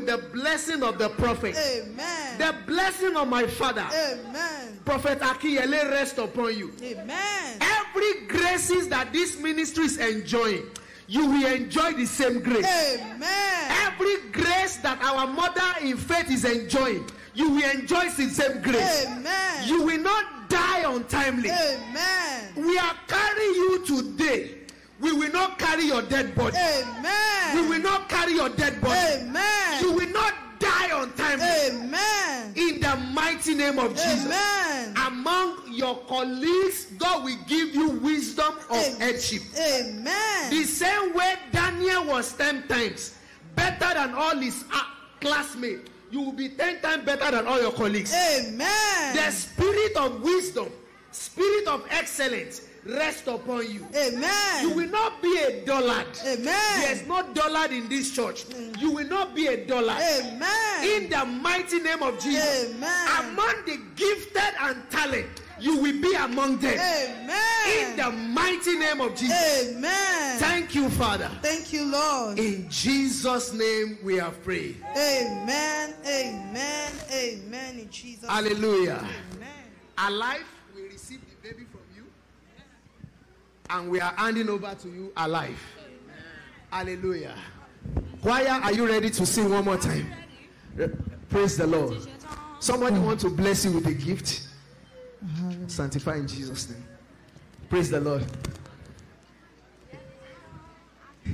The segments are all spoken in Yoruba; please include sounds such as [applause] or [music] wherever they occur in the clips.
with the blessing of the prophet. Amen. The blessing of my father. Amen. Prophet let rest upon you. Amen. Every graces that this ministry is enjoying, you will enjoy the same grace. Amen. Every grace that our mother in faith is enjoying, you will enjoy the same grace. Amen. You will not die untimely. Amen. We are carrying you today we will not carry your dead body. Amen. We will not carry your dead body. Amen. You will not die on time. Amen. In the mighty name of Jesus. Amen. Among your colleagues, God will give you wisdom of Amen. headship. Amen. The same way Daniel was 10 times better than all his ah, classmates. You will be 10 times better than all your colleagues. Amen. The spirit of wisdom, spirit of excellence, rest upon you. Amen. You will not be a dullard. Amen. There's no dullard in this church. Mm. You will not be a dullard. Amen. In the mighty name of Jesus. Amen. Among the gifted and talented you will be among them. Amen. In the mighty name of Jesus. Amen. Thank you, Father. Thank you, Lord. In Jesus' name we are free. Amen. Amen. Amen. In Jesus' Hallelujah. Name. Amen. Alive and we are handing over to you alive. Amen. Hallelujah. Choir, are you ready to sing one more time? Praise the Lord. Somebody want to bless you with a gift. Sanctify in Jesus' name. Praise the Lord. [laughs]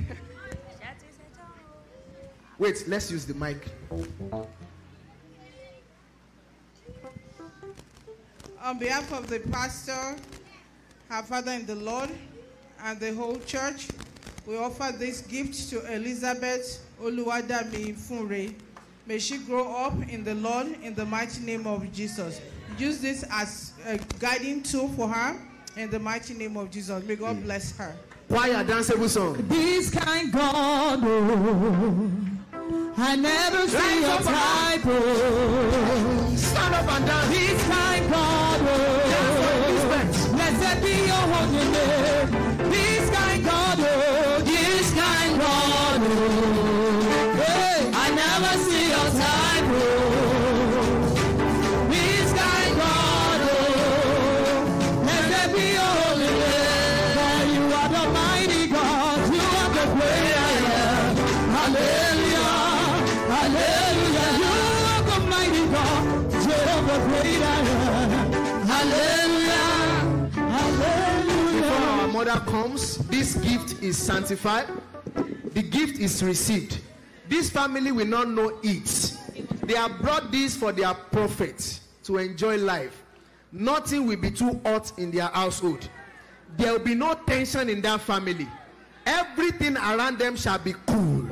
Wait, let's use the mic. On behalf of the pastor, her father in the Lord, and the whole church, we offer this gift to Elizabeth Oluwadami Funre. May she grow up in the Lord in the mighty name of Jesus. Use this as a guiding tool for her in the mighty name of Jesus. May God bless her. Choir, danceable song. This kind God, oh, I never see a type. of oh. Stand up and dance. This kind God. Oh, mother comes, this gift is sanctified, the gift is received. This family will not know it. They have brought this for their profit to enjoy life. Nothing will be too hot in their household. There will be no tension in that family. Everything around them shall be cool.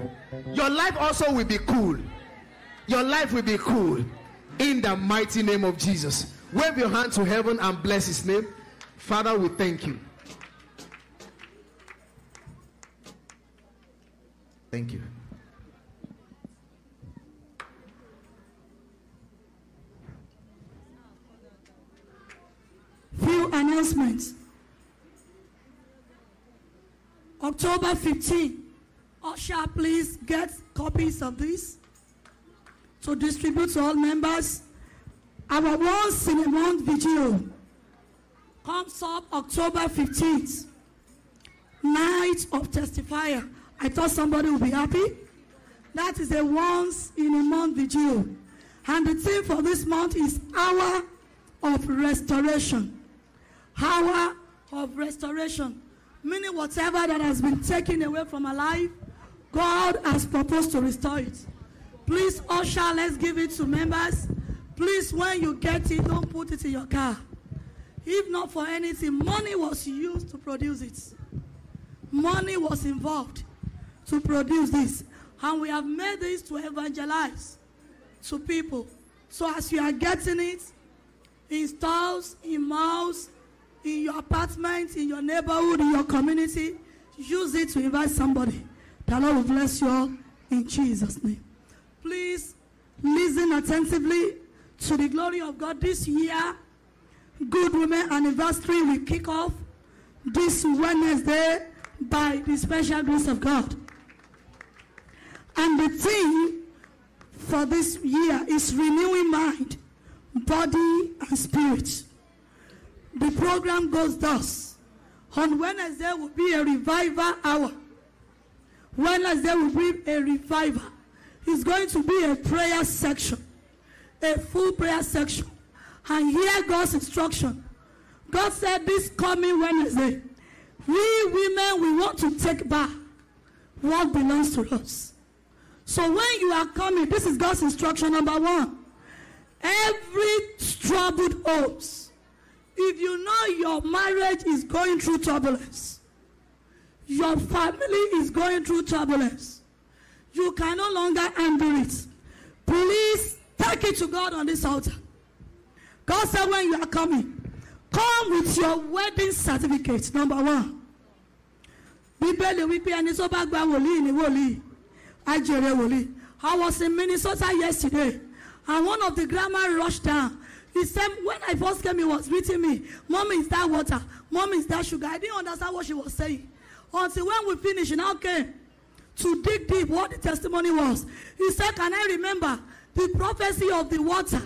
Your life also will be cool. Your life will be cool. In the mighty name of Jesus. Wave your hand to heaven and bless his name. Father, we thank you. Thank you. Few announcements. October 15, Usher, please get copies of this to distribute to all members. Our once in a month comes up October 15th, night of testifier. I thought somebody would be happy. That is a once in a month vigil. And the theme for this month is Hour of Restoration. Hour of Restoration. Meaning, whatever that has been taken away from our life, God has proposed to restore it. Please, usher, let's give it to members. Please, when you get it, don't put it in your car. If not for anything, money was used to produce it, money was involved. to produce this. And we have made this to evangelize to people. So as you are getting it, in stores, in malls, in your apartment, in your neighborhood, in your community, use it to invite somebody. The Lord will bless you all in Jesus' name. Please listen attentively to the glory of God this year. Good Women Anniversary will kick off this Wednesday by the special grace of God. And the theme for this year is renewing mind, body, and spirit. The program goes thus. On Wednesday will be a revival hour. Wednesday will be a revival. It's going to be a prayer section, a full prayer section. And hear God's instruction. God said this coming Wednesday, we women, we want to take back what belongs to us. So when you are coming, this is God's instruction number one. Every troubled hopes. If you know your marriage is going through turbulence, your family is going through turbulence, you can no longer handle it. Please take it to God on this altar. God said, when you are coming, come with your wedding certificate, number one. Ajere I was in Minnesota yesterday, and one of the grandma rushed down. He said, when I first came, he was beating me. Mom is that water. Mom is that sugar. I didn't understand what she was saying. Until when we finished, she now came to dig deep what the testimony was. He said, Can I remember the prophecy of the water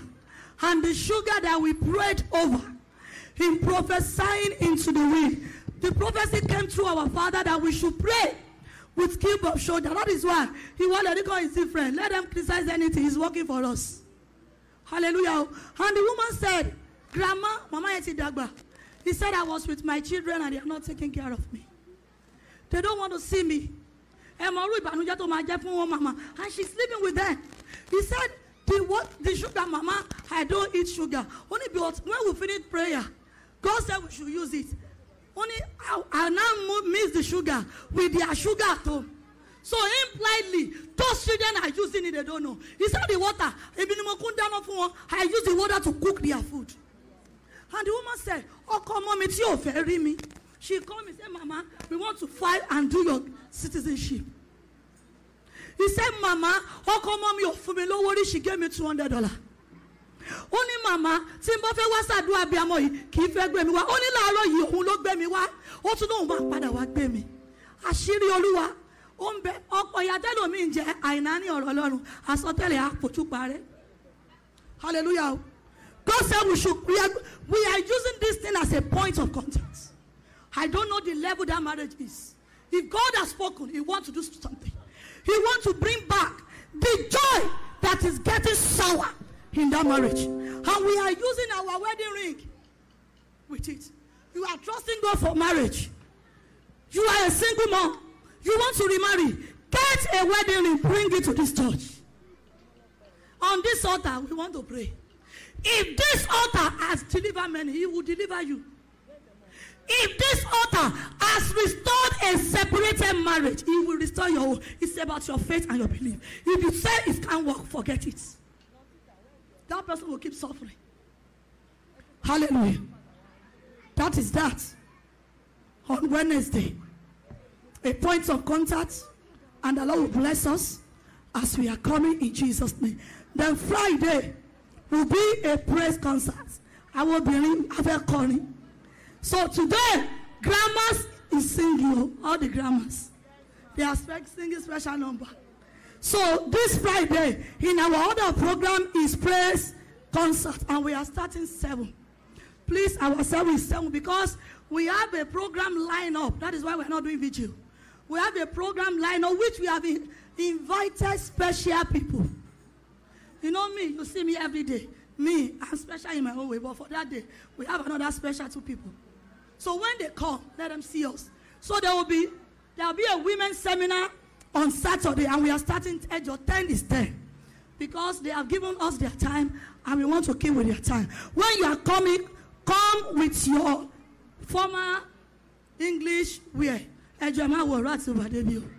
and the sugar that we prayed over in prophesying into the wind? The prophecy came through our father that we should pray with skin of shoulder. That is why he Iwalodiko is different. Let them criticize anything. He's working for us. Hallelujah. And the woman said, Grandma, Mama Yeti Dagba. He said, I was with my children and they are not taking care of me. They don't want to see me. And she's living with them. He said, the what the sugar, Mama, I don't eat sugar. Only because when we finish prayer, God said we should use it ó ní uh, I now miss the sugar with their sugar too. So impliedly, those children are using it, they don't know. He said the water, I use the water to cook their food. And the woman said, Ọkọ ọmọ mi tí ò fẹ́ rí mi. She called me and said, Mama, we want to file and do your citizenship. He said, Mama, ọkọ ọmọ mi ò fún mi lówó rí, she gave me two hundred dollar. Ó ní màmá tí n bá fẹ́ wá ṣàdúrà bí amọ̀ yìí kì í fẹ́ gbé mi wá. Ó ní láàárọ̀ yìí òun ló mi wá ó tún lóun máa padà wá gbé mi àṣírí olúwa ó ń bẹ ọ̀pọ̀ ìyàtẹ́lò mi ń jẹ àìná ní ọ̀rọ̀ ọlọ́run àsọtẹ́lẹ̀ àpòtúpa rẹ hallelujah God said we should we are, we are using this thing as a point of contact I don't know the level that marriage is if God has spoken he wants to do something he wants to bring back the joy that is getting sour in that marriage and we are using our wedding ring with it You are trusting God for marriage. You are a single mom. You want to remarry. Get a wedding ring. Bring it to this church. On this altar, we want to pray. If this altar has delivered many, He will deliver you. If this altar has restored a separated marriage, He will restore your own. It's about your faith and your belief. If you say it can't work, forget it. That person will keep suffering. Hallelujah. That is that. On Wednesday, a point of contact, and the Lord will bless us as we are coming in Jesus' name. Then Friday will be a praise concert. I will be in calling. So today, grammars is singing, oh, all the grammars. They are singing special number. So this Friday, in our other program is praise concert, and we are starting seven please ourselves with them because we have a program lined up. That is why we're not doing vigil. We have a program lined up which we have in, invited special people. You know me, you see me every day. Me, I'm special in my own way, but for that day, we have another special two people. So when they come, let them see us. So there will be there will be a women's seminar on Saturday, and we are starting at your 10 is 10 because they have given us their time and we want to keep with their time. When you are coming, come with your former English wear ẹjọ máa wọ ọ̀rọ̀ àti ìbàdébí o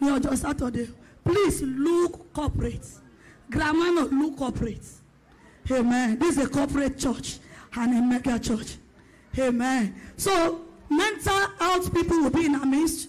ní ọjọ́ Saturday please look corporate grammar no look corporate amen this is a corporate church and a mega church amen so mental health people will be in our midst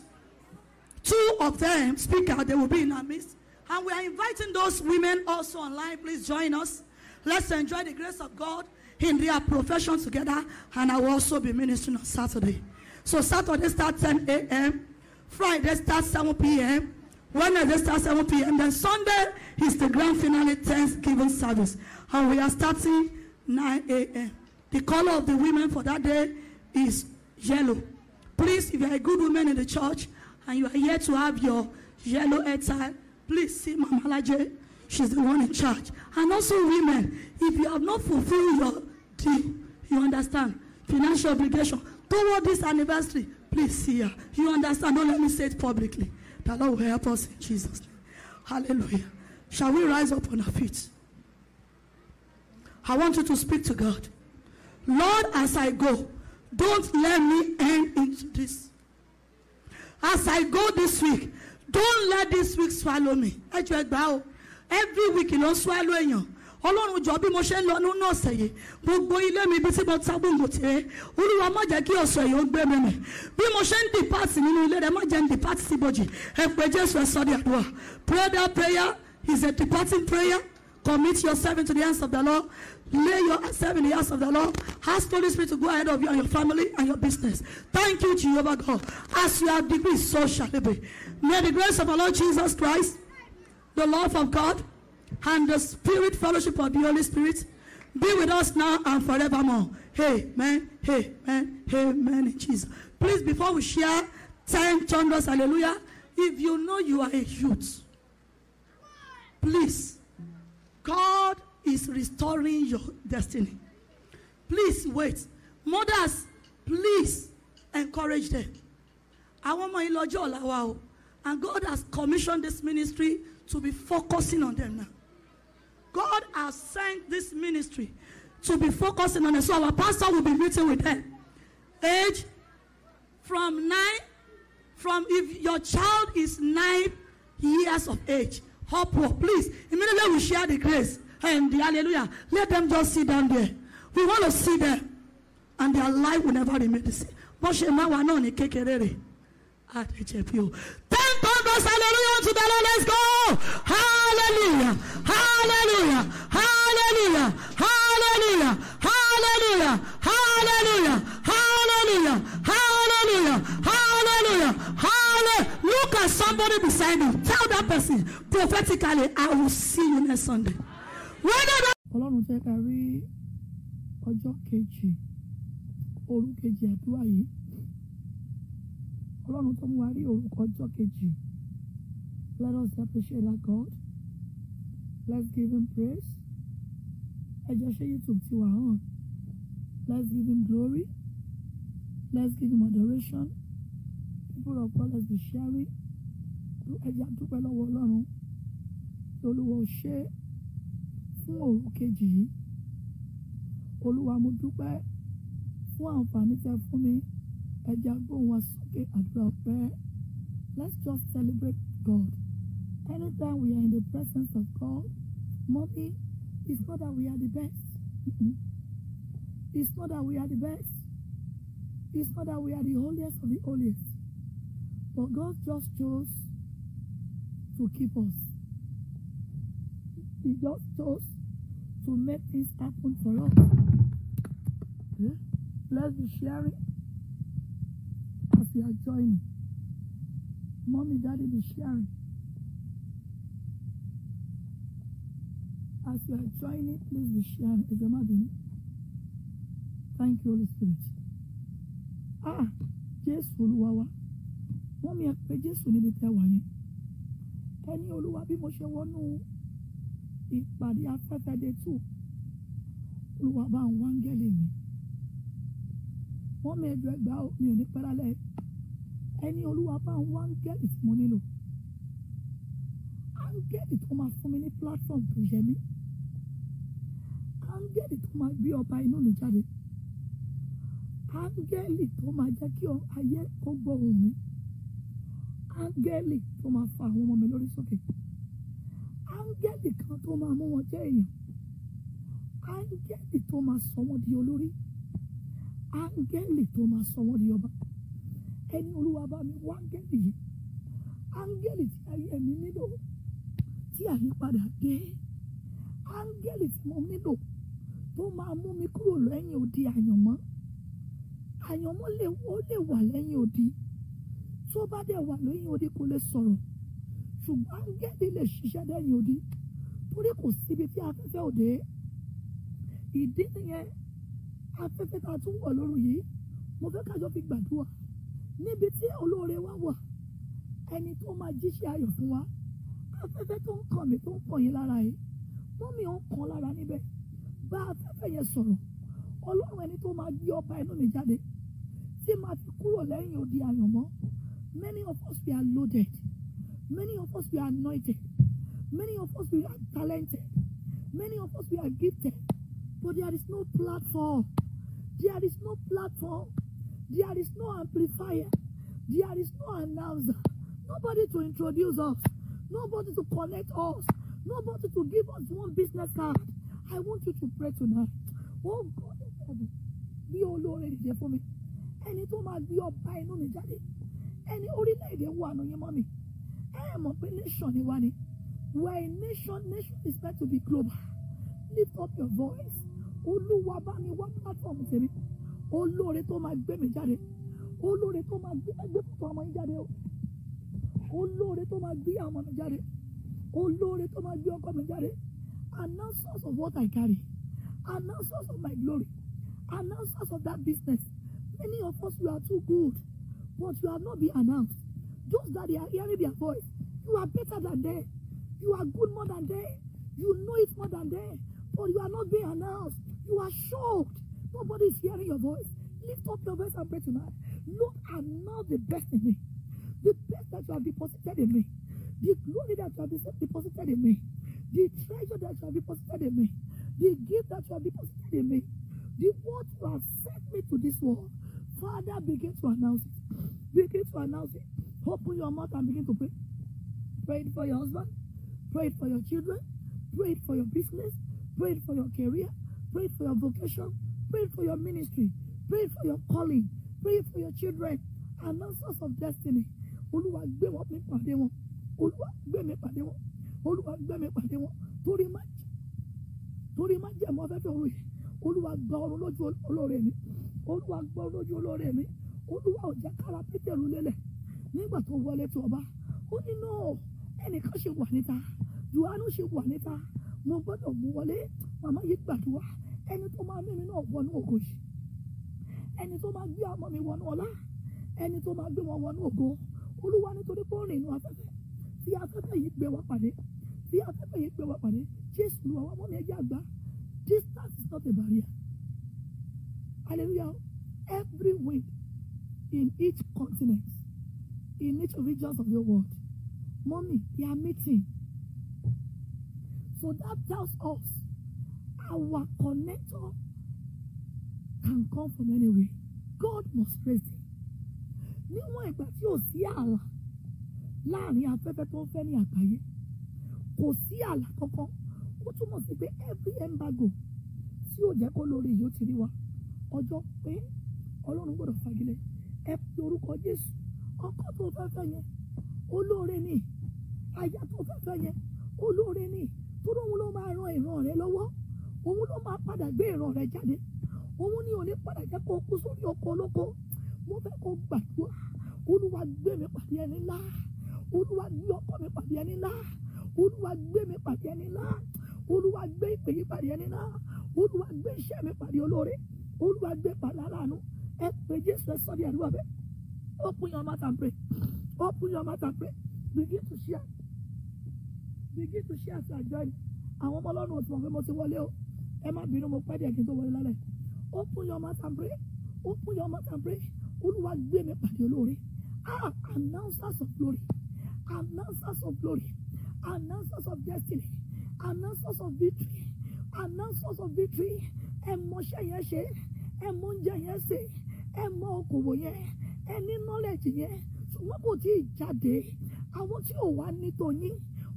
two of them speak out they will be in our midst and we are inviting those women also online please join us let's enjoy the grace of God in their profession together, and I will also be ministering on Saturday. So Saturday starts 10 a.m., Friday starts 7 p.m., Wednesday starts 7 p.m., then Sunday is the grand finale Thanksgiving service, and we are starting 9 a.m. The color of the women for that day is yellow. Please, if you are a good woman in the church and you are here to have your yellow attire, please see Mama Laje. She's the one in charge. And also, women, if you have not fulfilled your deep. You understand? Financial obligation. Toward this anniversary, please see her. You understand? Don't let me say it publicly. The Lord will help us in Jesus' name. Hallelujah. Shall we rise up on our feet? I want you to speak to God. Lord, as I go, don't let me end into this. As I go this week, don't let this week swallow me. Every week, you don't swallow anyone ọlọ́run jọ bí mo ṣe ń lọ nínú ọ̀sẹ̀ yìí gbogbo ilé mi ibi tí mo ta gbòǹgbò tirẹ̀ olúwa má jẹ́ kí ọ̀sẹ̀ yìí ó gbé mi mì bí mo ṣe ń dìpáàtì nínú ilé rẹ̀ má jẹ́ ń dìpáàtì síbòjì ẹ pé jésù ẹ sọ ní àdúrà pray that prayer is a departing prayer commit yourself into the hands of the Lord lay yourself in the hands of the Lord ask Holy Spirit to go ahead of you and your family and your business thank you Jehovah God as you have decreed so shall it be may the grace of our Lord Jesus Christ the love of God and the spirit fellowship of the Holy Spirit be with us now and forevermore. Amen. Amen. Amen. Jesus. Please, before we share thank chandras, hallelujah, if you know you are a youth, please, God is restoring your destiny. Please wait. Mothers, please encourage them. I want my lọ́jọ́ ọ̀la And God has commissioned this ministry to be focusing on them now. God has sent this ministry to be focusing on it. So our pastor will be meeting with them. Age from nine, from if your child is nine years of age, upward, please. Immediately we share the grace and the hallelujah. Let them just sit down there. We want to see them. And their life will never remain the same. Bó ṣe máa wà náà ní kékeré at á ti jẹ̀bi Ten thunders hallelujah to the Lord, let's go! Hallelujah! Hallelujah! Hallelujah! Hallelujah! Hallelujah! Hallelujah! Hallelujah! Hallelujah! Hallelujah! Hallelujah! Look at somebody beside you. Tell that person prophetically, I will see you next Sunday. Whether Ọlọ́run fẹ́ ká rí ọjọ́ kejì òru kejì àdúrà yìí Ọlọ́run tó mú wa rí òru ọjọ́ kejì let us appreciate our God. Let's give him praise. Ẹ jọ ṣe YouTube ti wà hàn. Let's give him glory. Let's give him adoration. People of God, let's be sharing. Ẹja dúpẹ́ lọ́wọ́ Ọlọ́run. Olúwa ò ṣe fún òru kejì yìí. Olúwa mo dúpẹ́ fún àǹfààní tẹ fún mi. Ẹja gbóhùn wa sókè àdúrà ọpẹ́. Let's just celebrate God. Anytime we are in the presence of God, mommy, it's not that we are the best. It's not that we are the best. It's not that we are the holiest of the holiest. But God just chose to keep us. He just chose to make things happen for us. Let's be sharing as we are joining. Mommy, daddy be sharing. as you are joining, please be sharing. Ẹ jọ̀ọ́ Thank you, Holy Spirit. Ah, Jésù Olúwa wa. Wọ́n mi ẹ pé Jésù níbi tẹ́ wà yẹn. Ẹni Olúwa bí mo ṣe wọnú ìpàdé afẹ́fẹ́ dé tù. Olúwa bá ń wá me gẹ́lẹ̀ mi. Wọ́n mi ẹjọ́ ẹgbà mi ò ní pẹ́ lálẹ́. Ẹni Olúwa bá ń wá ń gẹ́lẹ̀ tí mo nílò. Áńgẹ́lì platform tó yẹ mí áńgẹ́lì tó máa gbé ọba inú mi jáde áńgẹ́lì tó máa jẹ́ kí ayé kó gbọ́ ohùn mi áńgẹ́lì tó máa fa àwọn ọmọ mi lórí sókè áńgẹ́lì kan tó máa mú wọn jẹ́ èèyàn áńgẹ́lì tó máa sọ wọn di olórí áńgẹ́lì tó máa sọ wọn di ọba ẹni olúwa bá mi wá áńgẹ́lì yìí áńgẹ́lì tí ayé mi nílò tí àyípadà dé áńgẹ́lì tí mo nílò tó máa mú mi kúrò lẹ́yìn odi àyànmọ́ àyànmọ́ lè ó lè wà lẹ́yìn odi tó bá dẹ̀ wà lẹ́yìn odi kò lè sọ̀rọ̀ ṣùgbọ́n áńgẹ́lì lè ṣiṣẹ́ lẹ́yìn odi torí kò síbi tí afẹ́fẹ́ òde ìdí nìyẹn afẹ́fẹ́ tá a tún wọ̀ lóru yìí mo fẹ́ kájọ fi gbàdúrà níbi tí olóore wa wà ẹni tó máa jíṣẹ́ ayọ̀ fún wa afẹ́fẹ́ tó ń kàn mí tó ń kàn yín lára yìí mú ò ń kàn lára níbẹ̀ bá afẹ́fẹ́ yẹn sọ̀rọ̀ ọlọ́run ẹni tó máa gbé ọba inú mi jáde tí máa fi kúrò lẹ́yìn odi àyànmọ́ many of us we are loaded many of us we are anointed many of us we are talented many of us we are gifted but there is no platform there is no platform there is no amplifier there is no announcer nobody to introduce us nobody to connect us nobody to give us one business card I want you to pray tonight. Oh God in heaven, bí olóore dìde fún mi. Ẹni be up by no inú mi jáde. Ẹni orílẹ̀-èdè wo àná yín mọ́ mi. Ẹ mọ̀ pé nation ni wá ni. Where a nation, nation is meant to be global. Lift up your voice. Olúwa bá mi wá platform tèmi. Olóore tó máa gbé mi jáde. Olóore tó máa gbé ẹgbẹ́ kòtò ọmọ yín jáde o. Olóore tó máa gbé ọmọ mi jáde. Olóore tó máa gbé ọkọ mi jáde announcers of what I carry, announcers of my glory, announcers of that business. Many of us, you are too good, but you have not been announced. Those that they are hearing their voice, you are better than them. You are good more than them. You know it more than them, but you are not being announced. You are shocked. Nobody is hearing your voice. Lift up your voice and pray tonight. Lord, announce the best in me. The best that you have deposited in me. The glory that you have deposited in me the treasure that shall be deposited in me, the gift that shall be deposited in me, the word you have sent me to this world. Father, begin to announce it. Begin to announce it. Open your mouth and begin to pray. Pray it for your husband. Pray it for your children. Pray it for your business. Pray it for your career. Pray it for your vocation. Pray it for your ministry. Pray it for your calling. Pray it for your children. Announcers of destiny. Olúwa gbé wọn mi pàdé wọn. Olúwa gbé mi pàdé wọn olúwa gbẹ̀mí pàdé wọn torí má torí má jẹ́ mọ́ fẹ́fẹ́ oru yìí olúwa gba ọrùn lójú olóore mi olúwa gba ọrùn lójú olóore mi olúwa ò jẹ́ kára pétérù lélẹ̀ nígbà tó wọlé tó ọba ó ní náà ẹnìkan ṣe wà níta johannu ṣe wà níta mo gbọ́dọ̀ mú wọlé màmá yìí gbàdúrà ẹni tó máa mímí náà wọnú ògo yìí ẹni tó máa gbé ọmọ mi wọnú ọlá ẹni tó máa gbé wọn wọnú ògo olúwa nítorí pé ó rìn inú afẹ́fẹ́ tí afẹ́fẹ́ yìí gbé wa pàdé tí afẹ́fẹ́ yẹn gbé wa pàdé jésù lu àwọn ọmọ mi ẹjẹ àgbà distance is not a barrier hallelujah every wind in each continent in each regions of the world mommy they are meeting so that tells us our connector can come from anywhere God must raise them níwọ̀n ìgbà tí ò sí ààlà láàrin afẹ́fẹ́ tó ń fẹ́ ní àgbáyé kò sí àlà kankan ó túmọ̀ sí pé every embargo tí ò jẹ́ kó lórí yìí ó ti rí wa ọjọ́ pé ọlọ́run gbọ́dọ̀ fagilẹ̀ ẹ pe orúkọ jésù ọkọ tó fẹ́ fẹ́ yẹn olóore ni aya tó fẹ́ fẹ́ yẹn olóore ni torí òun ló máa ran ìran rẹ lọ́wọ́ òun ló máa padà gbé ìran rẹ jáde òun ni òní padà jẹ́ kó kú sórí ọkọ olóko mo fẹ́ kó gbàdúrà olúwa gbé mi pàdé ẹni ńlá olúwa gbé ọkọ mi pàdé ẹni ńlá olúwa gbé mi pàdé ẹni náà olúwa gbé ìpè yìí pàdé ẹni náà olúwa gbé iṣẹ́ mi pàdé olóore olúwa gbé pàdé aláàánú ẹ pè jésù ẹ ní ẹ̀rú ọ̀bẹ open your mouth and pray open your mouth and pray begin to share begin to share as you are joining àwọn ọmọ ọlọ́run òtún ọ̀fẹ́ mo ti wọlé o ẹ má bínú mo pẹ́ díẹ̀ tó wọlé lálẹ́ open your mouth and pray open your mouth and pray olúwa gbé mi pàdé olóore ah announcers of glory announcers of glory announcers of destiny announcers of victory announcers of victory ẹ mọṣẹ́ yẹn ṣe ẹ mọ oúnjẹ yẹn ṣe ẹ mọ okòwò yẹn ẹ ní knowledge yẹn ṣùgbọ́n kò tí ì jáde àwọn tí ò wá nítorí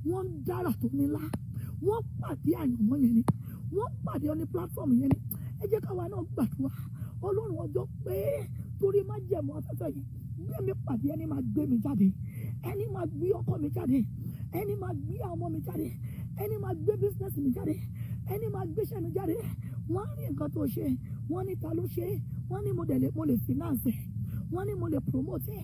wọ́n ń dára tó nílá wọ́n pàdé àyànmọ́ yẹn ni wọ́n pàdé ọ ní platform yẹn ni ẹ jẹ́ káwa náà gbàdúrà ọlọ́run ọjọ́ pé torí má jẹ̀mọ́ afẹ́fẹ́ yìí gbé mi pàdé ẹni máa gbé mi jáde ẹni máa gbé ọkọ mi jáde ẹni máa gbé àwọn ọmọ mi jáde ẹni máa gbé business mi jáde ẹni máa gbéṣẹ́ mi jáde wọ́n á rí nǹkan tó ṣe wọ́n ní ta ló ṣe wọ́n ní mo lè finance wọ́n ní mo lè promote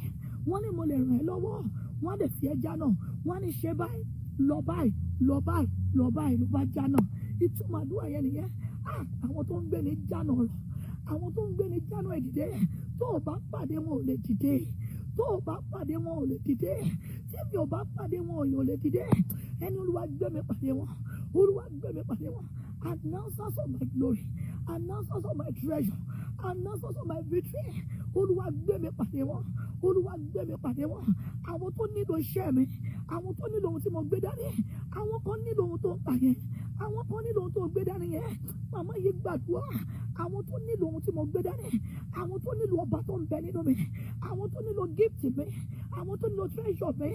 wọ́n ní mo lè ràn ẹ́ lọ́wọ́ wọ́n lè fi ẹ́ jánà wọ́n ní ṣe báyìí lọ báyìí lọ báyìí lọ báyìí ló bá jánà ìtumọ̀ àdúrà yẹn nìyẹn àwọn tó ń gbé ní jánà rọ àwọn tó ń gbé ní jánà ẹ̀ dìde tó o bá pàdé wọn ò lè dìde tó o bá pàdé wọn ò lè dìde tí mi ò bá pàdé wọn òyìn ò lè dìde ẹni olúwa gbé mi pàdé wọn olúwa gbé mi pàdé wọn announcers of my glory announcers of my treasure announcers of my victory olúwa gbé mi pàdé wọn olúwa gbé mi pàdé wọn àwọn tó nílò iṣẹ́ mi àwọn tó nílò ohun tí mo gbé dání àwọn kan nílò ohun tó ń tà yẹn àwọn kan nílò ohun tó gbé dání yẹn màmá yìí gbàdúrà àwọn tó nílò ohun tí mo gbé dání àwọn tó nílò ọba tó ń bẹ nínú mi àwọn tó nílò gift mi àwọn tó lo treasure mi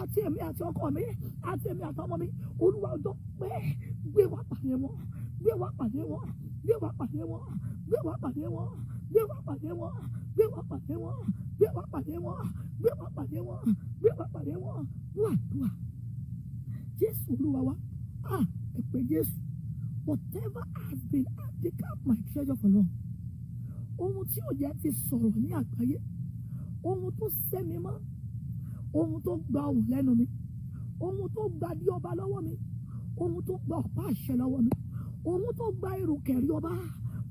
àti èmi àti ọkọ mi àti èmi àti ọmọ mi olúwa ọjọ́ pé gbé wá pàdé wọn gbé wá pàdé wọn gbé wá pàdé wọn gbé wá pàdé wọn gbé wá pàdé wọn gbé wá pàdé wọn gbé wá pàdé wọn gbé wá pàdé wọn gbé wá pàdé wọn wà dùà jésù olúwa wa à èpè jésù whatever has been at the handicap my treasure for long ohun tí ò jẹ́ ti sọ̀rọ̀ ní àgbáyé ohun tó sẹ́mi mọ́ ohun tó gba ohun lẹ́nu mi ohun tó gba di ọba lọ́wọ́ mi ohun tó gba ọ̀pá àṣẹ lọ́wọ́ mi ohun tó gba èrò kẹ̀rí ọba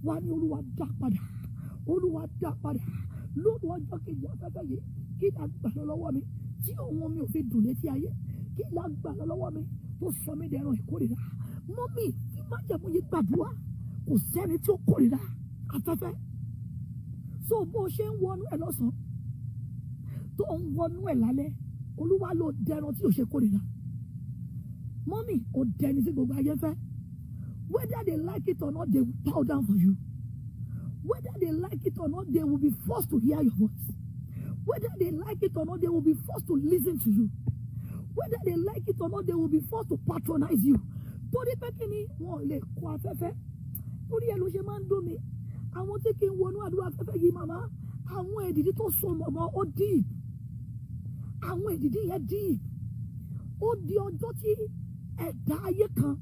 wa ni olúwa dá padà olúwa dá padà lóru ọjọ́ kejì afẹ́fẹ́ yìí kí la gbà lọ́wọ́ mi tí ohun mi ò fi dùn létí ayé kí la gbà lọ́wọ́ mi tó sọ mí dẹran ìkórìíra mọ́mí kí má jẹ̀mú yìí gbàdúrà kò sẹ́ni tí ó kórìíra afẹ́fẹ́ so bó o ṣe ń wọnú ẹ̀ lọ́sàn-án tó ń wọnú ẹ̀ lálẹ́ olúwa ló dẹran tí ò ṣe kórìíra mọ́mì ò dẹni sí gbogbo ayé fẹ́ whether they like it or not they will bow down for you whether they like it or not they will be forced to hear your voice whether they like it or not they will be forced to listen to you whether they like it or not they will be forced to patronize you torí pé kí ni wọn lè kọ afẹ́fẹ́ torí ẹ ló ṣe máa ń dùn mí àwọn tí kì í wọnú àdúrà afẹ́fẹ́ yìí màmá àwọn èdìdí tó so mọ̀mọ́ ó dìbò àwọn ìdìdí yẹn dín ó di ọjọ́ tí ẹ̀dá ayé kan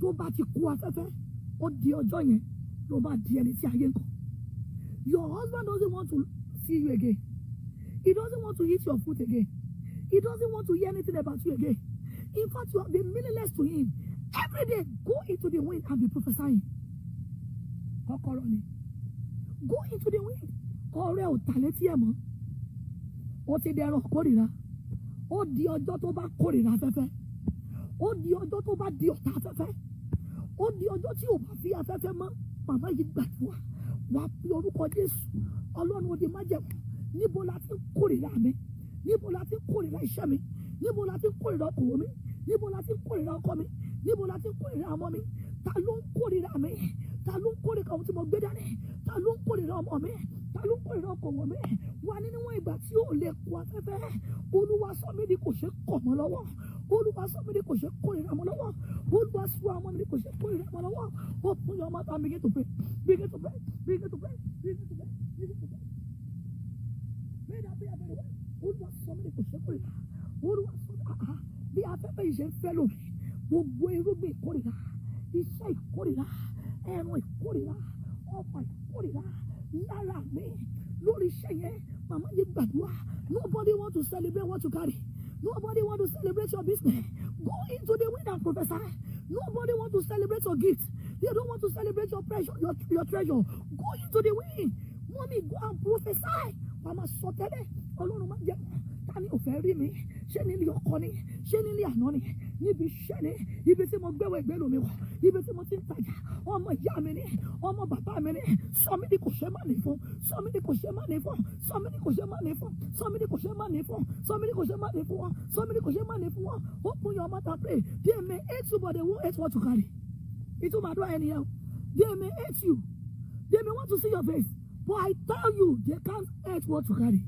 tó bá ti kú afẹ́fẹ́ ó di ọjọ́ yẹn ló bá di ẹni tí ayé ń kọ́ your husband doesn't want to see you again he doesn't want to eat your food again he doesn't want to hear anything about you again in fact you have been meaningless to him every day go into the wind and be prophesying kọ́kọ́rọ́ ni go into the wind ọ̀rẹ́ ò tà létí ẹ̀ mọ́ ó ti dẹrọ kórìíra ó di ọjọ́ tó bá kórìíra afẹ́fẹ́ ó di ọjọ́ tó bá di ọ̀tá afẹ́fẹ́ ó di ọjọ́ tí ò bá fi afẹ́fẹ́ mọ́ màmá yìí gbàdúrà wà á fi orúkọ Jésù Ọlọ́run òde májẹ̀mú níbo la ti ń kórìíra mi níbo la ti ń kórìíra iṣẹ́ mi níbo la ti ń kórìíra ọkọ̀ mi níbo la ti ń kórìíra ọkọ mi níbo la ti ń kórìíra ọmọ mi ta ló ń kórìíra mi ta ló ń kórìíra ohun tí ta ló ń kórìíra ọmọ mi ta ló ń kórìíra ọkọ̀ mi wà ní níwọ̀n ìgbà tí ò lè kó afẹ́fẹ́ olúwa sọ mí di kò ṣe kọ̀ mọ́ lọ́wọ́ olúwa sọ mí di kò ṣe kó ìrà mọ́ lọ́wọ́ olúwa sọ àwọn mi di kò ṣe kó ìrà mọ́ lọ́wọ́ open your mouth and begin to pray begin to pray begin to pray begin to pray begin to pray may that be a very well olúwa sọ mí di kò ṣe kó ìrà olúwa sọ bí afẹ́fẹ́ yìí ṣe ń fẹ́ lómi gbogbo irúgbìn ìkórìíra iṣẹ́ ìkórìíra ẹran ìkórìíra ọkọ̀ ìkórìíra màmá yìí gbàdúrà nobody want to celebrate what you carry nobody want to celebrate your business go into the window, professor. nobody want to celebrate your gift they don't want to celebrate your treasure your, your treasure go into the wind mommy go and prophesy màmá sọ tẹ́lẹ̀ ọlọ́run má jẹ́ ta ni ò fẹ́ rí mi ṣé nílé ọkọ ni ṣé nílé àná ni níbi iṣẹ́ ni ibi tí mo gbéwò ìgbélò mi wọ̀ ibi tí mo ti ń tajà ọmọ ìyá mi ni ọmọ bàbá mi ni sọmi ni kò ṣe má ní fún sọmi ni kò ṣe má ní fún sọmi ni kò ṣe má ní fún sọmi ni kò ṣe má ní fún sọmi ni kò ṣe má ní fún wọn sọmi ni kò ṣe má ní fún wọn open your mouth and pray they may hate you but they won't hate what you carry ìtumọ̀ àdúrà ẹni yẹn they may hate you they may want to see your face but I tell you they can't hate what you carry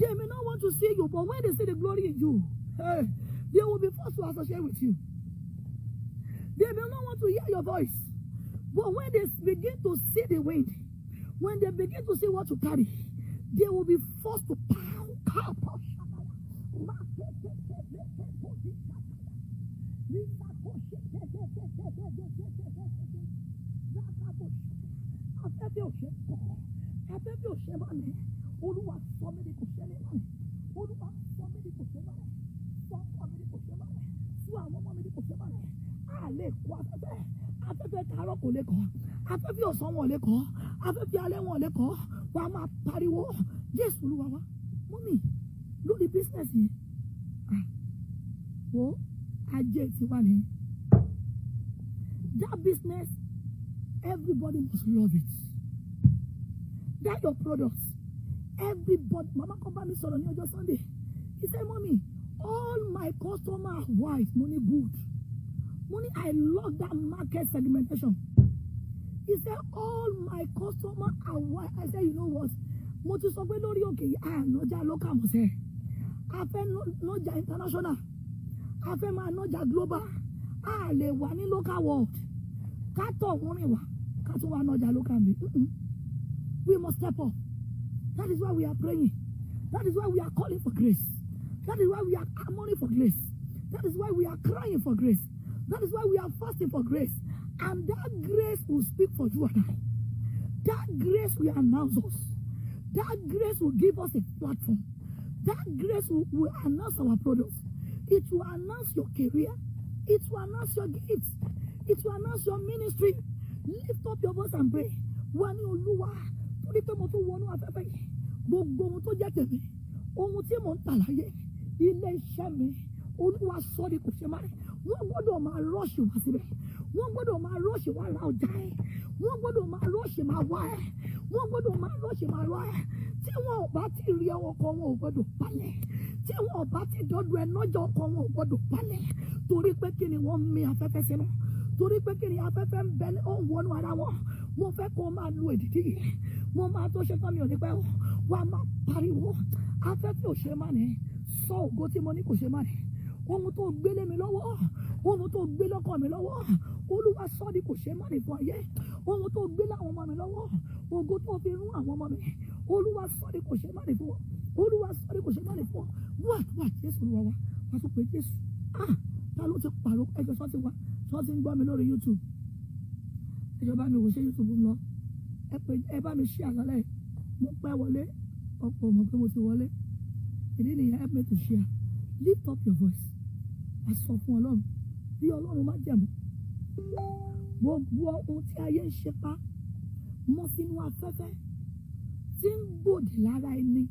they may not want to see you but when they see the glory in you. Hey, they will be forced to associate with you. They will not want to hear your voice. But when they begin to see the wind, when they begin to see what you carry, they will be forced to pound cap. afẹ́fẹ́ olúwa sọ mí ni kò ṣe ní olúwa sọ mí ni kò ṣe lọ́nà fún ọkọ mi ní kò ṣe báyìí fún àwọn ọmọ mi ní kò ṣe báyìí a lè kó afẹ́fẹ́ afẹ́fẹ́ tààrọ̀ kò lè kọ́ afẹ́fẹ́ ọ̀sán wọn lè kọ́ afẹ́fẹ́ alẹ́ wọn lè kọ́ wàá máa pariwo jésù olúwa wa mọ́mì lórí bísínẹ́sì wo ajé tiwa ni that business everybody must love it that your product everybody mama kan bá mi sọ̀rọ̀ ní ọjọ́ sunday he say mommy all my customer wife money good money I love that market segmentation he said all my customer are wife I said you know what mo ti sọ pé lórí òkè yìí à nọjà local mo sẹ a fẹ́ nọjà international a fẹ́ máa nọjà global a lè wà ní local world ká tọ̀ wọ́n rìn wá ká tún wá nọjà local mi we must step up that is why we are praying that is why we are calling for grace. That is why we are clamoring for grace. That is why we are crying for grace. That is why we are fasting for grace. And that grace will speak for you and I. That grace will announce us. That grace will give us a platform. That grace will, will announce our products. It will announce your career. It will announce your gifts. It will announce your ministry. Lift up your voice and pray. Wà ní Olúwa torí pé mo tún wọnú afẹ́fẹ́ yìí. Gbogbo ohun tó jẹ́ tèmi, ohun tí mò ń tà láyé ilé iṣẹ́ mi olúwa sọ ni kò ṣe má rẹ̀ wọ́n gbọ́dọ̀ máa rọ́ọ̀ṣì wá síbẹ̀ wọ́n gbọ́dọ̀ máa rọ́ọ̀ṣì wá ra ọjà ẹ̀ wọ́n gbọ́dọ̀ máa rọ́ọ̀ṣì máa wá ẹ̀ wọ́n gbọ́dọ̀ máa rọ́ọ̀ṣì máa wá ẹ̀ tí wọn ò bá ti rí ọkọ wọn ò gbọ́dọ̀ palẹ̀ tí wọn ò bá ti dọ́dọ̀ ẹ lọ́jọ́ wọn ò gbọ́dọ̀ palẹ̀ torí pé kí ni wọ́n mi afẹ́fẹ́ sínú torí pé kí ni afẹ́fẹ́ ń bẹ ó wọnú ara wọn mo fẹ́ kó máa lu èdìdì yìí mo máa tó ṣe tán mi ò ní pẹ́ wọ́n á máa pariwo afẹ́fẹ́ ò ṣe má nìyẹn sọ ògo tí mo ní kò ṣe má rẹ̀ ohun tó gbélé mi lọ́wọ́ ohun tó gbé lọ́kọ̀ mi lọ́wọ́ olúwa sọ ni kò ṣe má rẹ̀ fún ayé ohun tó gbé láwọn ọmọ mi lọ́wọ́ ògo tó fi rún àwọn ọmọ mi olúwa sọ ni kò ṣe má rẹ̀ fún olúwa sọ ni kò ṣe má rẹ̀ fún wà wà jésù olúwa wa wà tó pé jésù ah ta ló ti pàrọ̀ ẹjọ́ sọ́ọ́ ti wá sọ́ọ́ ti ń gbọ́ mi lórí youtube ẹjọ́ bá mi wò ṣe youtube ń lọ ẹ bá mi ṣí àlálẹ̀ mo pẹ́ wọlé ọ̀pọ̀ mọ̀ pé mo ti wọlé eléyìí help me to share lift up your voice ẹ sọ fún ọlọ́run bí ọlọ́run má jẹ̀mú gbogbo ohun tí ayé ń ṣe pa mọ́ sínú afẹ́fẹ́ tí ń gbòdì lára ẹni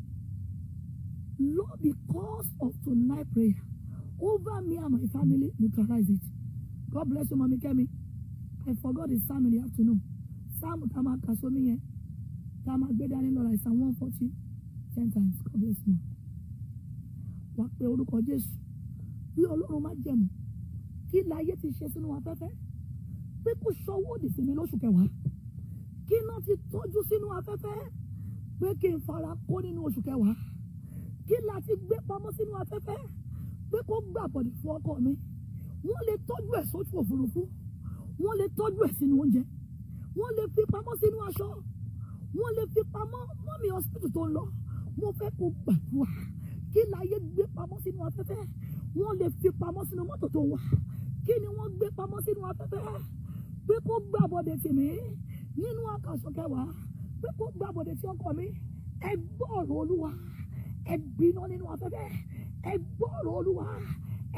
Lord because of tonight prayer over me and my family neutralize it God bless you mami kemi I forgot the psalm in the afternoon psalm tá a máa kà sómi yẹn tá is psalm one forty ten times God bless you wá pé orúkọ Jésù bí Ọlọ́run má jẹ̀mú kí láyé ti ṣe sínú afẹ́fẹ́ pé kò ṣọwọ́ òdì sí mi lóṣù kẹwàá kí iná ti tọ́jú sínú afẹ́fẹ́ pé kí n fara kó nínú oṣù kẹwàá kí la ti gbé pamọ́ sínú afẹ́fẹ́ pé kó gbà bọ̀dì fún ọkọ mi wọ́n lè tọ́jú ẹ̀ sójú òfurufú wọ́n lè tọ́jú ẹ̀ sínú oúnjẹ wọ́n lè fi pamọ́ sínú aṣọ wọ́n lè fi pamọ́ mọ́mí hospital tó ń lọ mo fẹ́ kó gbàdúrà kí láyé gbé pamọ́ sínú afẹ́fẹ́ wọ́n lè fi pamọ́ sínú mọ́tò tó wà kí ni wọ́n gbé pamọ́ sínú afẹ́fẹ́ pé kó gbàbọ̀dẹ̀ tèmi nínú àkàsọ̀ kẹwàá pé kó gbàbọ̀dẹ̀ tí ọkọ mi ẹ gbọ́ ọ̀rọ̀ olúwa ẹ gbiná nínú afẹ́fẹ́ ẹ gbọ́ ọ̀rọ̀ olúwa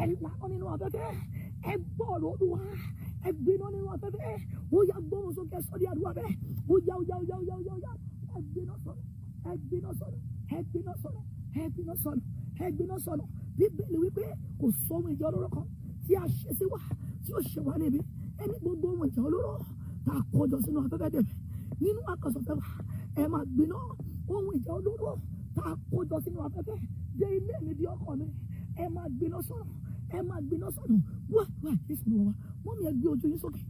ẹ lànà nínú afẹ́fẹ́ ẹ gbọ́ ọ̀rọ̀ olúwa ẹ gbiná nínú afẹ́fẹ́ ó yá gbóhùn sọ́dí àdúrà bẹ́ẹ̀ ó yá ó yá ó yá ó yá ó yá ẹ gbiná sọ̀rọ̀ ẹ gbiná sọ̀rọ̀ ẹ gbiná sọ̀rọ̀ ẹ gbiná sọnù ẹ gbiná sọnù bíbélì wípé kò sọ ohun ìjà olóró kan tí a ṣe sí wa tí ó ṣe wá níbi ẹni gbogbo ohun ìjà olóró tá a kọjọ sínú afẹ́fẹ́ dẹ̀mí nínú akọ̀sọ̀fẹ́ wa ẹ máa gbiná ohun ìjà olóró tá a kọjọ sínú afẹ́fẹ́ dé ilé mi bí ọkọ mi ẹ máa gbiná sọnù ẹ máa gbiná sọnù wá wá jésù lọ wá mọ́mí ẹ gbé ojú yín sókè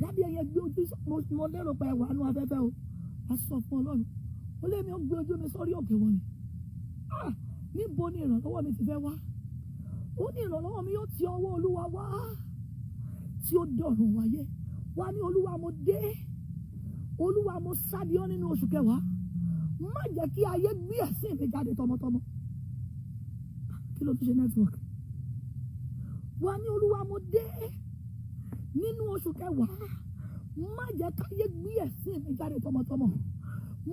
dábìá yẹn gbé ojú mo lérò pa ẹwà nú afẹ́fẹ́ o ah níbo ni ìrànlọ́wọ́ mi ti fẹ́ wá ó ní ìrànlọ́wọ́ mi yóò ti ọwọ́ olúwa wá tí ó dọ̀rùn wáyé wá ní olúwa mo dé olúwa mo sáde ọ́ nínú oṣù kẹwàá má jẹ́ kí ayé gbé ẹ̀sìn mi jáde tọmọtọmọ kí ló tún ṣe network wá ní olúwa mo dé nínú oṣù kẹwàá má jẹ́ káyé gbé ẹ̀sìn mi jáde tọmọtọmọ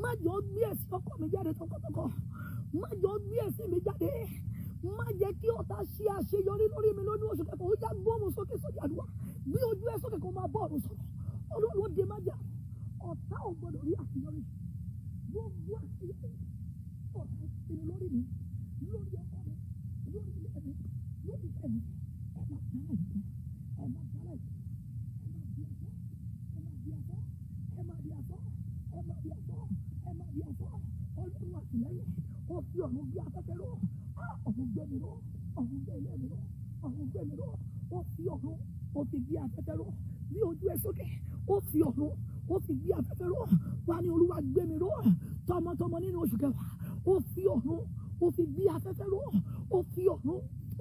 má jẹ́ ó gbé ẹ̀sìn ọkọ mi jáde tọkọtọkọ má jọ gbé ẹ̀sìn mi jáde má jẹ́ kí ọ̀tá ṣe àṣeyọrí lórí mi lónìí oṣù kẹfọ́ ó já gbóòrùn sókè sókè àdúrà bí ojú ẹ sókè kó máa bọ́ ọ̀run sọ̀rọ̀ olóòlù ó de má jà ọ̀tá ò gbọdọ̀ rí àṣeyọrí gbogbo àṣeyọrí ọ̀tá ìsinmi lórí mi lórí ọkọ mi lórí ilé mi lórí ìfẹ́ mi ẹ má dá àìsàn ẹ má dá àìsàn ẹ má di àtọ́ ẹ má di àtọ́ ẹ má di àtọ́ ẹ má di àtọ́ ẹ má di àtọ́ ọlọ́run àtìlẹ́yìn ó fi ọ̀run bí afẹ́fẹ́ rọ ọ̀run gbé mi rọ ọ̀run gbé ilé mi rọ ọ̀run gbé mi rọ ó fi ọ̀run ó fi bí afẹ́fẹ́ rọ ní ojú ẹ sókè ó fi ọ̀run ó fi bí afẹ́fẹ́ rọ wá ní olúwa gbé mi rọ tọmọtọmọ nínú oṣù kẹwàá ó fi ó fi bí afẹ́fẹ́ rọ ó fi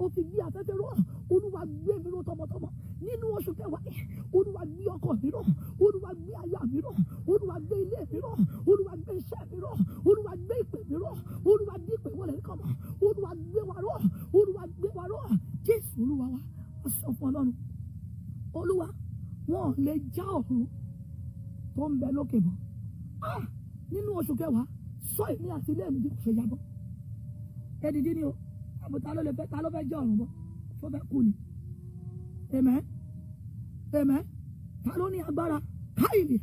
ó fi bí afẹ́fẹ́ rọ olúwa gbé mi rọ tọmọtọmọ nínú oṣù kẹwàá yìí olúwa gbé ọkọ mi rọ olúwa gbé aya mi rọ olúwa gbé ilé mi rọ olúwa gbé iṣẹ́ mi rọ olúwa gbé ìpè mi rọ olúwa gbé ìpè wọlé ní kọmọ olúwa gbé wa rọ olúwa gbé wa rọ jésù olúwa wa wọ́n fún ọlọ́run olúwa wọn ò lè já ọ̀run tó ń bẹ lókè bọ̀ ah! nínú oṣù kẹwàá sọ èmi àti ilé mi kò ṣe yá bọ́ ẹni o àbúta ló lè fẹ́ ta ló fẹ́ jẹ́ ọ̀run bọ́ tó fẹ́ kú ni. Amen. Amen. Taloni ló kaili agbára? Káìlì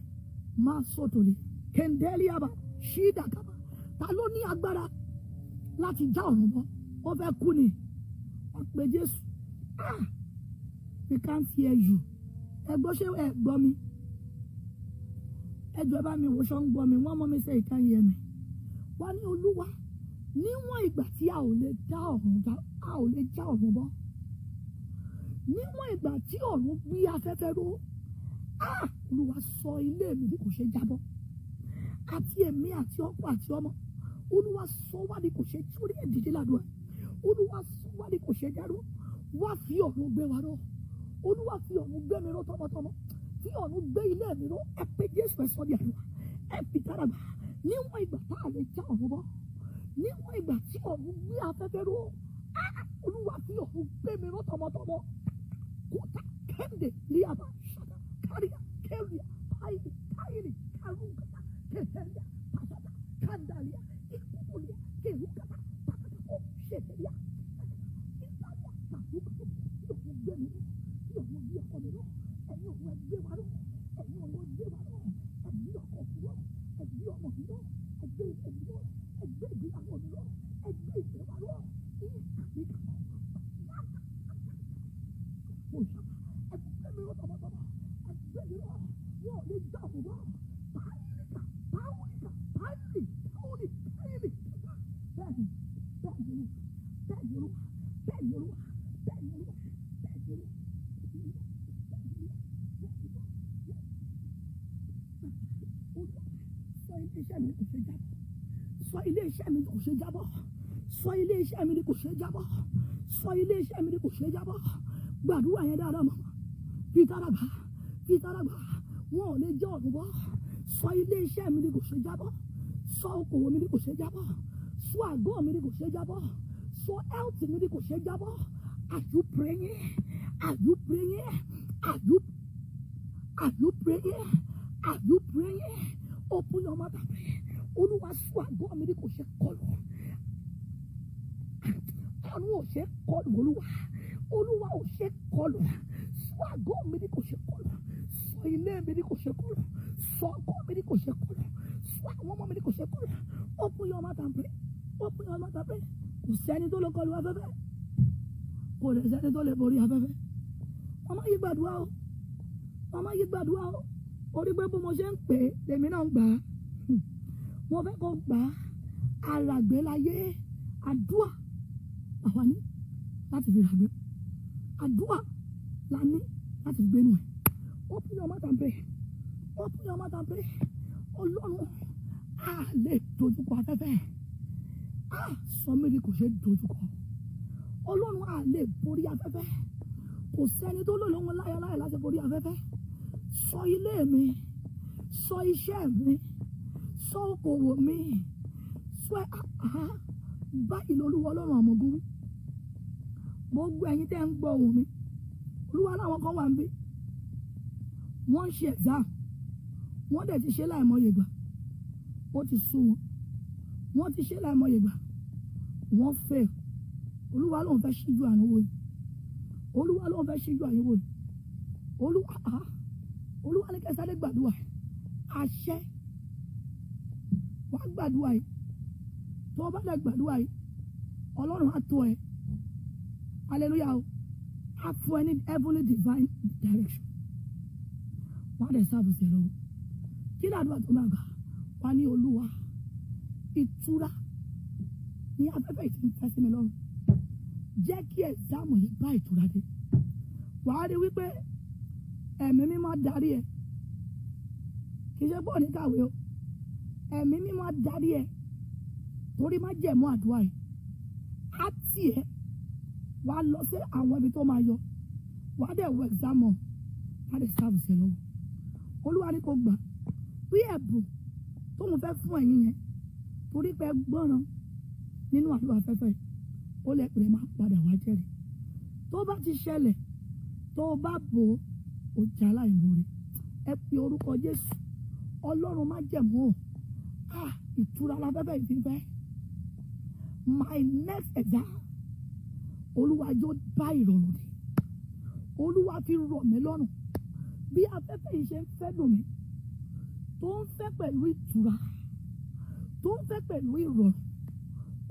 máa sọ̀tòlì. Kẹ̀ndẹ́lì àbá ṣídà kàbá. Ta ló ní agbára láti já ọ̀run ni. Wọ́n pe Jésù. Ah! We can't hear you. Ẹgbọ́ ṣé ẹ gbọ́ mi? Ẹjọ́ bá mi wòṣọ́ ń gbọ́ mi. Wọ́n mọ́ mi sẹ́ ìtàn yẹn mi. Wọ́n ní Olúwa níwọ̀n ìgbà tí a ò lè já ọ̀run bọ́ níwọ̀n ìgbà tí ọ̀run gbé afẹ́fẹ́ ró olúwa sọ ilé mi ni kò ṣe jábọ́ àti èmi àti ọkọ àti ọmọ olúwa sọ wá ni kò ṣe torí ẹ̀dídé ládùá olúwa sọ wá ni kò ṣe dáró wá fi ọ̀run gbé wa ró olúwa fi ọ̀run gbé mi ró tọmọtọmọ fi ọ̀run gbé ilé mi ró ẹ pé jésù ẹ sọ ní àlùwà ẹ fi dára gbà níwọ̀n ìgbà tá a lè já ọ̀run bọ́ níwọ̀n ìgbà tí ọ̀run gbé afẹ́fẹ́ ró olúwa fi ọ̀run gbé mi ró tọmọtọmọ. kuta liaba shaka karia keria paini paini karungata keseria pasata kandalia ikulia kehukata pakata o sheteria ipaya kakukata yohu geni yohu yohu yohu yohu yohu yohu yohu iṣẹ́ mi ni kò ṣe jábọ́ sọ ilé iṣẹ́ mi ni kò ṣe jábọ́ sọ ilé iṣẹ́ mi ni kò ṣe jábọ́ gbàdúrà yẹn dáadáa mọ́ fi tára gbà fi tára gbà wọn ò lè jẹ́ ọ̀dùn bọ́ sọ ilé iṣẹ́ mi ni kò ṣe jábọ́ sọ okòwò mi ni kò ṣe jábọ́ sọ àgọ́ mi kò ṣe jábọ́ sọ health mi kò ṣe jábọ́ are you praying are you praying are you are you praying are you praying open your mouth and pray olúwa sún àgọ́ mi ní kò ṣe kọlù ọ̀run ò ṣe kọlù olúwa olúwa ò ṣe kọlù sún àgọ́ mi ní kò ṣe kọlù sọ ilé mi ní kò ṣe kọlù sọ ọkọ mi ní kò ṣe kọlù sọ àwọn ọmọ mi ní kò ṣe kọlù open your mouth and pray open your mouth and pray kò sẹ́ni tó lè kọlù afẹ́fẹ́ kò lè sẹ́ni tó lè borí afẹ́fẹ́ màmá yìí gbàdúrà o màmá yìí gbàdúrà o orí pé bó mo ṣe ń pè é lèmi náà ń gbà á mo fẹ́ kó gbà á alàgbélayé àdúà àwa ní láti fi ràgbé àdúà la ní láti fi gbénu ẹ̀ open your mouth and pray open your mouth and pray ọlọ́run a lè dojúkọ afẹ́fẹ́ a sọ méjì kò ṣe dojúkọ ọlọ́run a lè borí afẹ́fẹ́ kò sẹ́ni tó lò lóhun láyọ̀ láyọ̀ láti borí afẹ́fẹ́ sọ ilé mi sọ iṣẹ́ mi sọ́ọ̀kòwò mi sọ báyìí lolúwa ọlọ́run ọ̀mọ̀gún wí gbogbo ẹ̀yin tẹ́ ń gbọ́ ohùn mi olúwa láwọn kan wà ń bí wọ́n ń ṣe exam wọ́n dẹ̀ ti ṣe láìmọye gbà ó ti sú wọn wọ́n ti ṣe láìmọye gbà wọ́n fẹ́ olúwa lóun fẹ́ ṣíjú àánú wò yìí olúwa lóun fẹ́ ṣíjú àánú wò yìí olúwa olúwa ní kẹsàn-án gbàdúrà àṣẹ wá gbàdúrà yìí tó o bá dẹ̀ gbàdúrà yìí ọlọ́run á tọ́ ẹ hallelujah o á fún ẹ ní heavenly divine direction wà á dẹ̀ sáàbùsẹ̀ lọ́wọ́ kí ni àdúrà tó máa gbà wá ní olúwa ìtura ní afẹ́fẹ́ ìtì ń fẹ́ sí mi lọ́rùn jẹ́ kí ẹ̀dáàmù yìí bá ìtura dé wàá rí wípé ẹ̀mí mímọ́ darí ẹ kì í ṣe bọ́ọ̀ ní kàwé o ẹ̀mí mímọ́ adarí ẹ torí má jẹ̀mọ́ àdúrà ẹ á tì ẹ wàá lọ sí àwọn ibi tó máa yọ wàá dẹ̀ wọ ẹ̀gzámọ̀ wàá dẹ̀ sáàbùsì ẹ lọ́wọ́ olúwa ni kò gbà bí ẹ̀bùn tó mo fẹ́ fún ẹ̀yin yẹn torí pé gbọ́ràn nínú àdúrà afẹ́fẹ́ ó lẹ pẹ̀lẹ́ máa padà wá jẹ́rìí tó bá ti ṣẹlẹ̀ tó bá bò ó jà láìmoore ẹ pe orúkọ Jésù ọlọ́run má jẹ̀mú o ìtura lábẹ́bẹ́ ìfífẹ́ my next exam olúwa jó bá ìrọ̀rùn dé olúwa fi rọ̀ mí lọ́rùn bí afẹ́fẹ́ yìí ṣe ń fẹ́ lò mí tó ń fẹ́ pẹ̀lú ìtura tó ń fẹ́ pẹ̀lú ìrọ̀rùn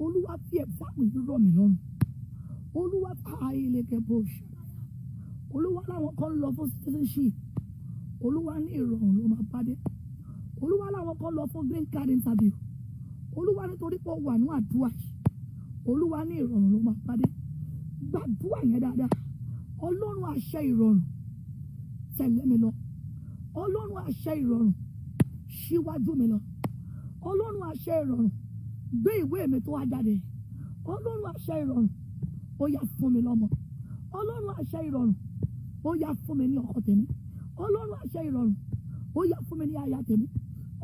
olúwa fi exam yìí rọ̀ mí lọ́rùn olúwa fa ayélujẹ bó ṣe olúwa láwọn kan lọ fún citizenship olúwa ní ìrọ̀rùn ló máa bá dé olúwa làwọn kan lọ fún green card interview olúwa nítorí pé ó wà ní àdúrà olúwa ní ìrọ̀rùn ló máa pàdé gbàdúrà yẹn dáadáa ọlọ́run àṣẹ ìrọ̀rùn tẹ̀lé mi lọ ọlọ́run àṣẹ ìrọ̀rùn ṣíwájú mi lọ ọlọ́run àṣẹ ìrọ̀rùn gbé ìwé mi tó wá jáde ọlọ́run àṣẹ ìrọ̀rùn ó yá fún mi lọ́mọ ọlọ́run àṣẹ ìrọ̀rùn ó yá fún mi ní ọkọ tèmi ọlọ́run àṣẹ ìrọ̀rùn ó yá fún mi ní aya tèmi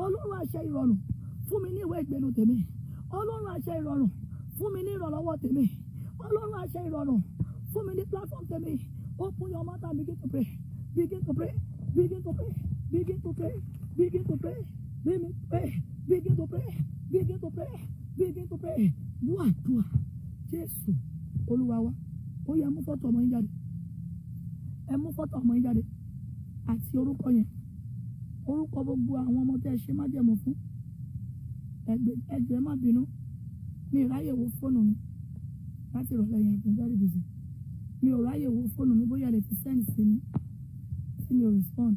ọlọ́run àṣẹ ìrọ̀rùn fún mi ní ìwé ìgbénu tèmi ọlọ́run àṣẹ ìrọ̀rùn fún mi ní ìrànlọ́wọ́ tèmi ọlọ́run àṣẹ ìrọ̀rùn fún mi ní platform tèmi open your mouth and begin to pray begin to pray begin to pray begin to pray begin to pray begin to pray begin to pray begin to pray begin to pray wá àdúrà jésù olúwa wa ó yẹ mú fọ́tò ọmọ yín jáde ẹ mú fọ́tò ọmọ yín jáde àti orúkọ yẹn orúkọ gbogbo àwọn ọmọ tẹ́ ẹ ṣe májẹ̀mú fún ẹgbẹ́ má bínú mi ráyè wo fóònù mi láti ìrọ̀lẹ́ yẹn fún very busy mi ò ráyè wo fóònù mi bóyá lè ti send sí mi tí mi ò respond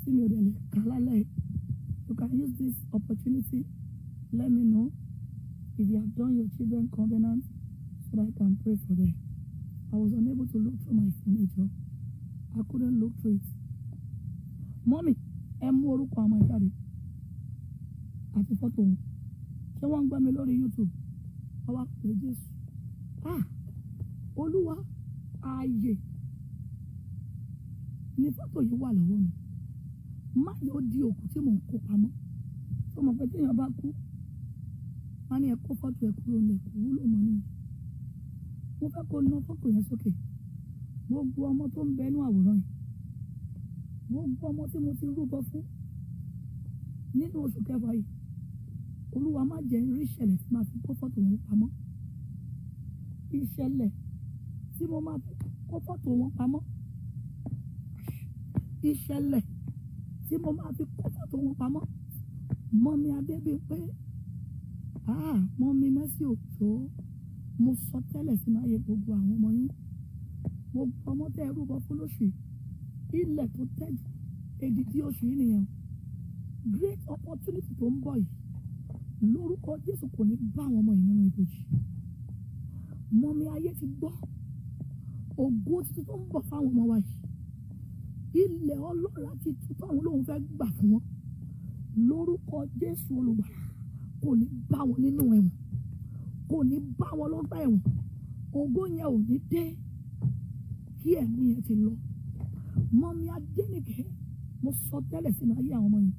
tí mi ò dẹ̀ lè kà lálẹ́ you can use this opportunity let me know if you have done your children covenant so that I can pray for them I was unable to look through my phone ẹjọ́ I couldn't look through it mommy ẹ mú orúkọ ọmọ ìjáde àti fọ́tò wọn ṣé wọ́n ń gbọ́ mi lórí YouTube ọwọ́ pé Jésù ah olúwa ààyè ni fọ́tò yìí wà lọ́wọ́ mi má yóò di òkú tí mò ń kó pamọ́ tó mọ̀ pé téèyàn bá kú wọn ní ẹ kó fọ́tò ẹ kúrò ní ẹ̀kú wúlò mọ́ nìyí mo fẹ́ kó ná fọ́tò yẹn sókè gbogbo ọmọ tó ń bẹ àwòrán yìí gbogbo ọmọ tí mo ti rúbọ fún nínú oṣù kẹfà yìí olúwa má jẹ́ rí ìṣẹ̀lẹ̀ tí màá fi kó fọ́tò wọn pamọ́ ìṣẹ̀lẹ̀ tí mo máa fi kó fọ́tò wọn pamọ́ ìṣẹ̀lẹ̀ tí mo máa fi kó fọ́tò wọn pamọ́ mọ́mí adébíyipé ah mọ́mí mẹ́sì òjò mo sọ tẹ́lẹ̀ sínú ayé gbogbo àwọn ọmọ yín gbogbo ọmọ tẹ́ ẹ rúbọ fún lóṣù yìí ilẹ̀ tó tẹ́jú èdè tí oṣù yìí nìyẹn great opportunity tó ń bọ̀ yìí lórúkọ Jésù kò ní bá àwọn ọmọ ìyẹn wọn ìbòjì mọ́mí ayé ti gbọ́ ògo tuntun tó ń bọ̀ fáwọn ọmọ wa yìí ilẹ̀ ọlọ́run ti tuntun àwọn olóhùn fẹ́ gbà fún wọn lórúkọ Jésù olùgbàlà kò ní bá wọn nínú ẹ̀wọ̀n kò ní bá wọn lọ́gbà ẹ̀wọ̀n ògo yẹn ò ní dé kí ẹ̀mí ẹ ti lọ mọ́mí adénìkẹ́ mo sọ tẹ́lẹ̀ sínú ayé àwọn ọmọ yẹn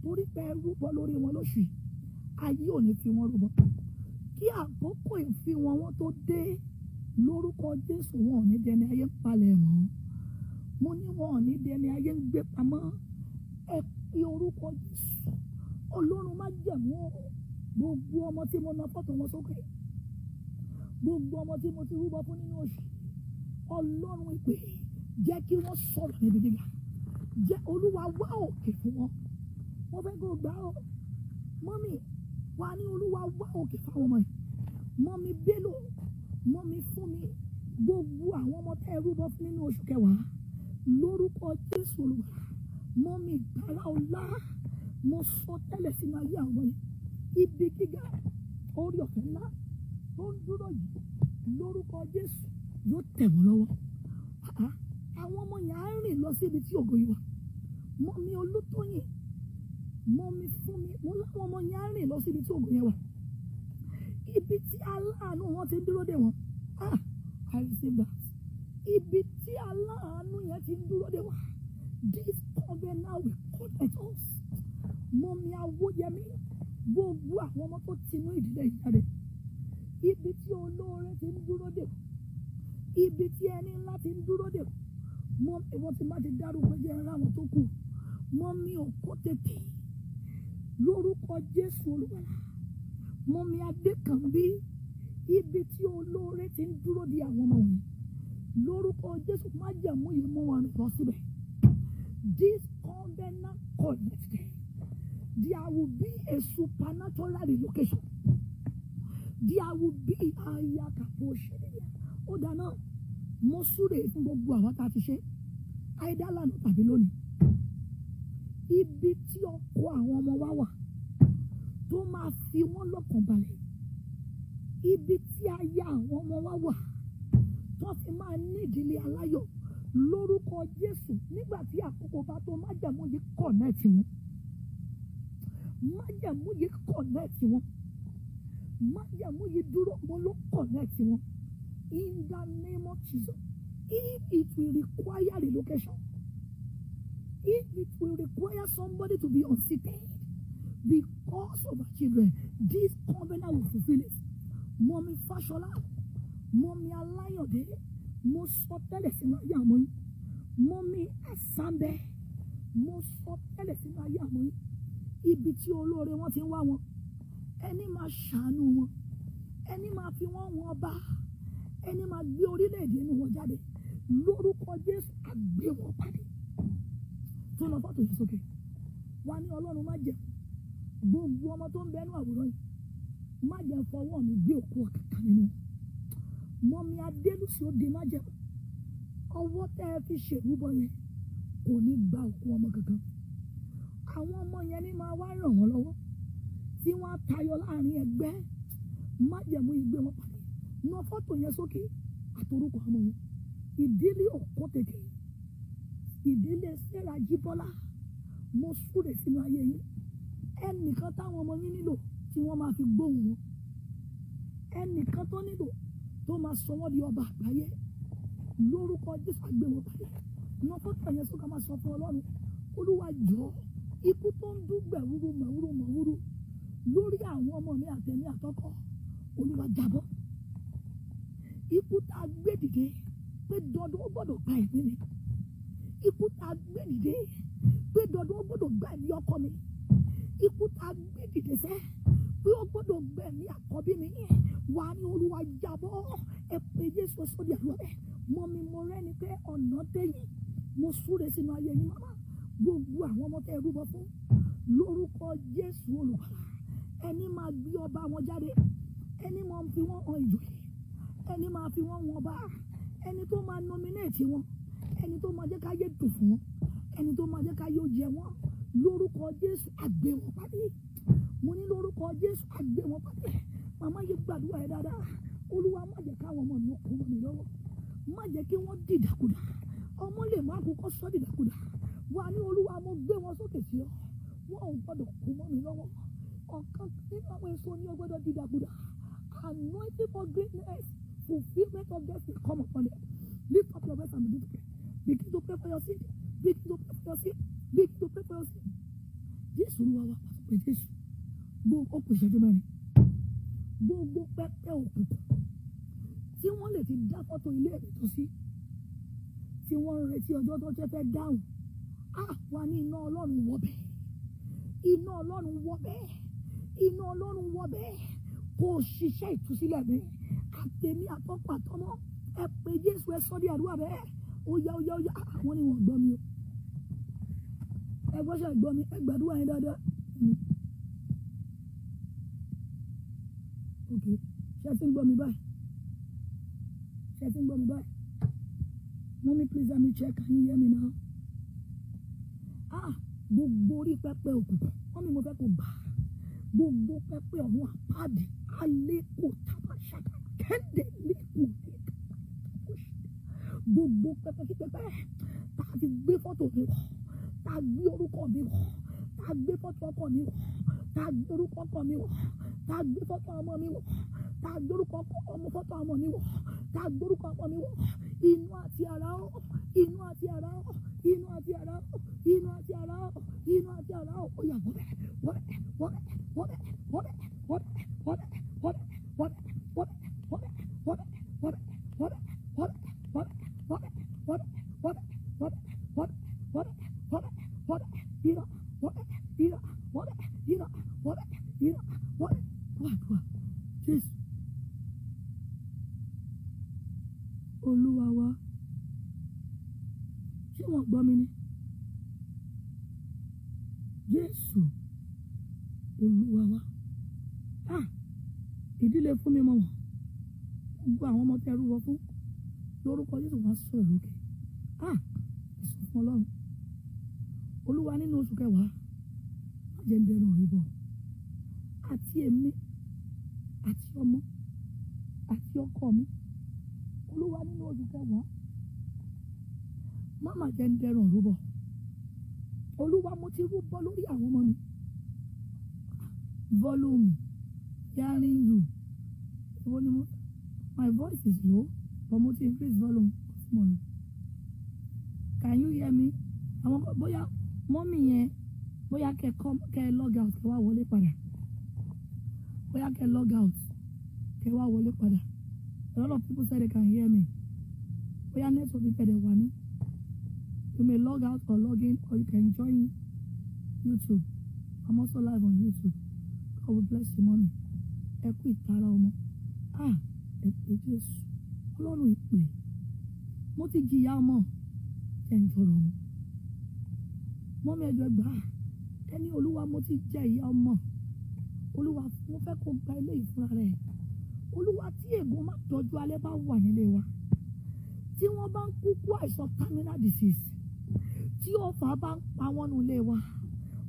torí pé rúbọ lórí wọn lóṣù yìí ayé ò ní fi wọn rúbọ kí àkókò ìfi wọn tó dé lórúkọ jésù wọn ò ní dẹni ayé ń palẹ̀ mọ́ mo ní wọn ò ní dẹni ayé ń gbé pamọ́ ẹ pé orúkọ jésù ọlọ́run má jẹ̀mú gbogbo ọmọ tí mo na fọ́tò wọn sókè gbogbo ọmọ tí mo ti rúbọ fún nínú oṣù ọlọ́run ìpè yìí jẹ́ kí wọ́n sọ̀rọ̀ níbi gíga jẹ́ olúwa wá òkè fún wọn wọ́n fẹ́ kó gbà ó mọ́mì wa ní olúwa wá òkè fáwọn ọmọ yìí mọ́mì bélò mọ́mì fún mi gbogbo àwọn ọmọ tẹ́ rúbọ fún nínú oṣù kẹwàá lórúkọ jésù olùwà mọ́mì gbàrà ọlá mo sọ tẹ́lẹ̀ sínú ayé àwọn yìí ibi gíga orí ọ̀fẹ́ ńlá tó ń dúró yìí lórúkọ jésù yóò tẹ̀ wọ́n lọ́wọ́ àwọn ọmọ yẹn á rìn lọ síbi tí ògo yìí wà mọ́mí olótóyìn mọ́mí fún mi mo láwọn ọmọ yẹn á rìn lọ síbi tí ògo yẹn wà ibi tí aláàánú wọn ti dúró dè wọn ah I receive that ibi tí aláàánú yẹn ti dúró dè wá this covenant will protect us mọ̀mí awóyẹmí gbogbo àwọn ọmọ tó ti inú ìdílé ìjáde ibi tí olóore ti ń dúró dè ibi tí ẹni ńlá ti ń dúró dè mọ ìwọ tí má ti dárúkọ jẹ́ ráwọn tó kù mọ mi ò kó tètè lórúkọ Jésù Olúwa mọ mi Adékànbí ibi tí olóore ti ń dúró di àwọn ọmọ wọn lórúkọ Jésù má jẹ̀mú yìí mú wọn lọ síbẹ̀ this covenant connected there will be a supernatural relocation there will be ayakapo ṣẹlẹ̀ ó dáná mo súre fún gbogbo àwọn tá a ti ṣe àìdá lánàá tàbí lónìí ibi tí ọkọ àwọn ọmọ wa wà tó máa fi wọ́n lọ́kàn balẹ̀ ibi tí aya àwọn ọmọ wa wà tó fi máa ní ìdílé aláyọ̀ lórúkọ Jésù nígbà tí àkókò bá tó májàmú yìí kọ̀nẹ́ẹ̀tì wọn májàmú yìí kọ̀nẹ́ẹ̀tì wọn májàmú dúró mo ló kọ̀nẹ́ẹ̀tì wọn in the name of Jesus. If it will require relocation, if it will require somebody to be unseated because of our children, this covenant will fulfill it. Mommy Fashola, Mommy Alayode, mo sọ tẹ́lẹ̀ sínú ayé àmọ́ yín. Mommy Ẹ̀sánbẹ́, mo sọ tẹ́lẹ̀ sínú ayé àmọ́ yín. Ibi tí olóore wọn ti ń wá wọn, ẹni máa ṣàánú wọn, ẹni máa fi wọ́n wọn bá ẹni máa gbé orílẹ̀-èdè inú wọn jáde lórúkọ Jésù àgbé wọn pàdé tó lọ fọ́tò yìí sókè wá ní Ọlọ́run má jẹ́ gbogbo ọmọ tó ń bẹ́nu àwòrán yìí má jẹ́ fọwọ́ mi gbé òkú ọ̀kàkà nínú mọ́mí adélùsí ó di má jẹ́ ọwọ́ tẹ́ ẹ fi ṣèrúbọ yẹn kò ní gba òkú ọmọ kankan àwọn ọmọ yẹn ní máa wá ràn wọ́n lọ́wọ́ tí wọ́n á tayọ láàrin ẹgbẹ́ májẹ̀mú ìgbé wọn padà na fọ́tò yẹn sókè àtorúkọ ọmọ yẹn ìdílé ọ̀kọ́ tètè ìdílé Sarah Jíbọ́lá mo súre sínú ayé yín ẹnìkan táwọn ọmọ yín nílò tí wọ́n máa fi gbóhùn wọn ẹnìkan tó nílò tó máa sọ wọ́n di ọba àgbáyé lórúkọ Jésù àgbè wọn pàdé na fọ́tò yẹn sókè máa sọ fún Ọlọ́run Olúwa ikú tó ń dúgbẹ̀ wúru màwúru màwúru lórí àwọn ọmọ mi àtẹ̀mí àtọkọ Olúwa ikú tá a gbé dìde pé dandan ó gbọ́dọ̀ gba ẹ̀mí mi ikú tá a gbé dìde pé dandan ó gbọ́dọ̀ gba ẹ̀mí ọkọ mi ikú tá a gbé dìde sẹ́ pé ó gbọ́dọ̀ gba ẹ̀mí àkọ́bí mi wà ní olúwa jábọ́ ẹ pé Jésù sódì àlọ́ rẹ̀ mọ mi mọ rẹ́ni pé ọ̀nà dẹ́yìn mo súre sínú ayé yín mọ́mọ́ gbogbo àwọn ọmọ tẹ́ ẹ rúbọ fún lórúkọ Jésù olùkọ́ ẹni máa gbé ọba wọn jáde ẹni máa fi wọn hàn ìjòyè ẹni máa fi wọ́n wọn bá ẹni tó máa nominate wọn ẹni tó máa jẹ́ káyé dùn fún wọn ẹni tó máa jẹ́ káyé jẹ wọn lórúkọ Jésù àgbè wọn pàdé mo ní lórúkọ Jésù àgbè wọn pàdé màmá yìí gbàdúrà ẹ dáadáa olúwa má jẹ́ káwọn ọmọ mi kún mi lọ́wọ́ má jẹ́ kí wọ́n dìdàkudà ọmọ lè má kókó sọ dìdàkudà wà ní olúwa mo gbé wọn sókè sí ọ wọn ò gbọ́dọ̀ kún mọ́ mi lọ́wọ́ ọ̀kan nínú àwọn èso ni ó dìdàkudà anointing for greatness fulfillment of this will come upon it. Lift up your voice and begin to pray. Begin to pray for your seed. Begin to pray for your seed. Begin to pray for your seed. Jésù ló wá wá pé Jésù gbogbo kò ṣẹ́jú mẹ́rin gbogbo pẹ́pẹ́ òkùnkùn tí wọ́n lè ti dá fọ́tò ilé ìtọ́ sí tí wọ́n ń retí ọjọ́ tó jẹ́ fẹ́ dáhùn á wà ní iná ọlọ́run wọ bẹ́ẹ̀ iná ọlọ́run wọ bẹ́ẹ̀ iná ọlọ́run wọ bẹ́ẹ̀ kó o ṣiṣẹ́ ìtúsílẹ̀ mi àtẹ̀mí àtọ́kọ̀ àtọmọ́ ẹ pé Jésù ẹ sọ́ di àdúrà rẹ ó yá ó yá ó yá ah, àwọn ni wọ́n gbọ́ mi o ẹ gbọ́sẹ̀ gbọ́ mi ẹ gbàdúrà yín dáadáa. Hmm. ok ṣe ti ń gbọ́ mi báyìí ṣe ti ń gbọ́ mi báyìí mommy please let me check can you hear me now ah gbogbo orí pẹpẹ òkùnkùn wọn ni mo fẹ́ kó bá gbogbo pẹpẹ ọ̀run àpáàdì gbogbo pẹpẹpẹpẹ tá a ti gbé fọ́tò mi wọ̀ tá a gbé orúkọ mi wọ̀ tá a gbé fọ́tò ọkọ mi wọ̀ tá gbé orúkọ ọkọ mi wọ̀ tá gbé fọ́tò ọmọ mi wọ̀ tá gbé orúkọ ọmọ fọ́tò ọmọ mi wọ̀ tá gbé orúkọ ọmọ mi wọ̀ inú àti ara ọ inú àti ara ọ inú àti ara ọ inú àti ara ọ inú àti ara ọ ó yà wọ́n bẹ̀ wọ́n bẹ̀ wọ́n What fẹ́ rúbọ fún lórúkọ Jésù wá sọ̀rọ̀ lókè ah ẹ̀sùn fún Ọlọ́run Olúwa nínú oṣù kẹwàá àjẹndẹrùn ìbọ àti èmi àti ọmọ àti ọkọ mi Olúwa nínú oṣù kẹwàá máma jẹndẹrùn rúbọ Olúwa mo ti rúbọ lórí àwọn ọmọ mi volume yàrin yù èwo ni mo My voice is low, but mo ti increase volume mo Can you hear me? Àwọn bóyá mọ́mì yẹn bóyá kẹ kẹ log out kẹ wá wọlé padà. Bóyá kẹ log out kẹ wá wọlé padà. A lot of people say they can hear me. Bóyá network mi tẹ̀lé wà ní. You may log out or log in or you can join YouTube. I'm also live on YouTube. God will bless you, mommy. Ẹ kú ìtara ọmọ. Ah! ẹ pé Jésù Ọlọ́run ìpè mo ti jìyà ọmọ ẹ̀ ń tọrọ ọmọ mọ́mí ẹjọ́ gbà á ẹni olúwa mo ti jẹ ìyá ọmọ olúwa mo fẹ́ kó gba ilé ìfúnra rẹ̀ olúwa tí ègbó má tọ́jú alẹ́ bá wà nílé wa tí wọ́n bá ń kú àìsàn terminal disease tí ọ̀fà bá ń pa wọ́n nílé wa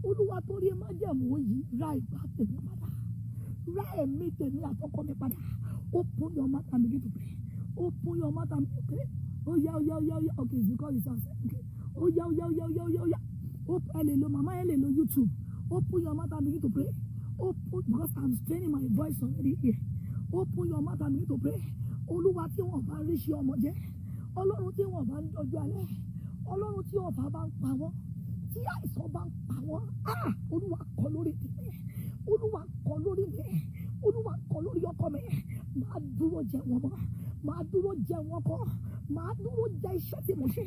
olúwa torí ẹ má jẹ̀mú yìí ra ìgbà tèmi padà ra ẹ̀mí tèmi àtọkọ mi padà Open your mouth and begin to pray. Open your mouth and pray. Oh yeah, oh yeah, oh yeah, oh yeah. Okay, you call yourself. Okay. Oh yeah, oh yeah, oh yeah, oh yeah, oh yeah. Oh, yeah. Open, hello, mama, hello, YouTube. Open your mouth and begin to pray. Open, because I'm straining my voice already here. Open your mouth and begin to pray. Olúwa tí wọn bá rí ṣe ọmọ jẹ. Ọlọ́run tí wọn bá ń dọjú alẹ́. Ọlọ́run tí ọ̀fà bá ń pa wọ́n. Tí àìsàn bá ń pa wọ́n. Ah! Olúwa kọ lórí mi. Olúwa kọ lórí mi. Olúwa kọ lórí ọkọ mi máa dúró jẹ wọn mọ́ máa dúró jẹ wọn kọ́ máa dúró jẹ iṣẹ́ tí mo ṣe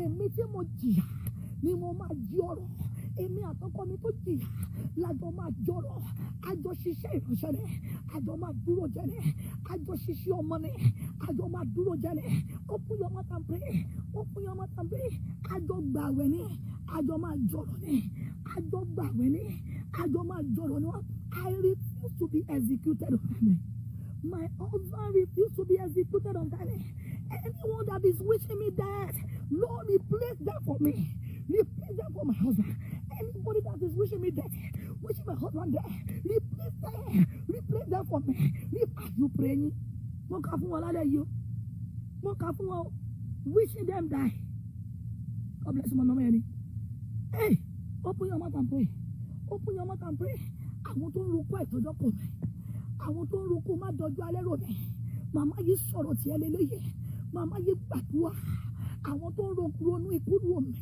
èmi tí mo jìyà ni mo máa jí ọ̀rọ̀ èmi àtọkọ mi tó jìyà lájọ máa jọrọ àjọ ṣiṣẹ́ ìránṣẹ́ rẹ àjọ máa dúró jẹrẹ àjọ ṣiṣẹ́ ọmọ rẹ àjọ máa dúró jẹrẹ open your mouth and pray open your mouth and pray àjọ gbàwẹ̀ ni àjọ máa jọrọ ni àjọ gbàwẹ̀ ni àjọ máa jọrọ ni I refuse to be executed on me. My husband refused to be executed on that. Anyone that is wishing me that, Lord, replace that for me. Replace that for my husband. Anybody that is wishing me that, wishing my husband that, replace that. Replace that for me. Are you praying? Mo ka fún wọn Mo ka fún wishing them die. God bless you, my mama Hey, open your mouth and pray. Open your mouth and pray. I want to look kó to pọ̀ mí àwọn tó ń roko má dọjú alẹ́ rò bẹ́ẹ̀ màmá yìí sọ̀rọ̀ tiẹ̀ lélẹ́yẹ màmá yìí gbàdúrà àwọn tó ń ronú ikú dúró mẹ́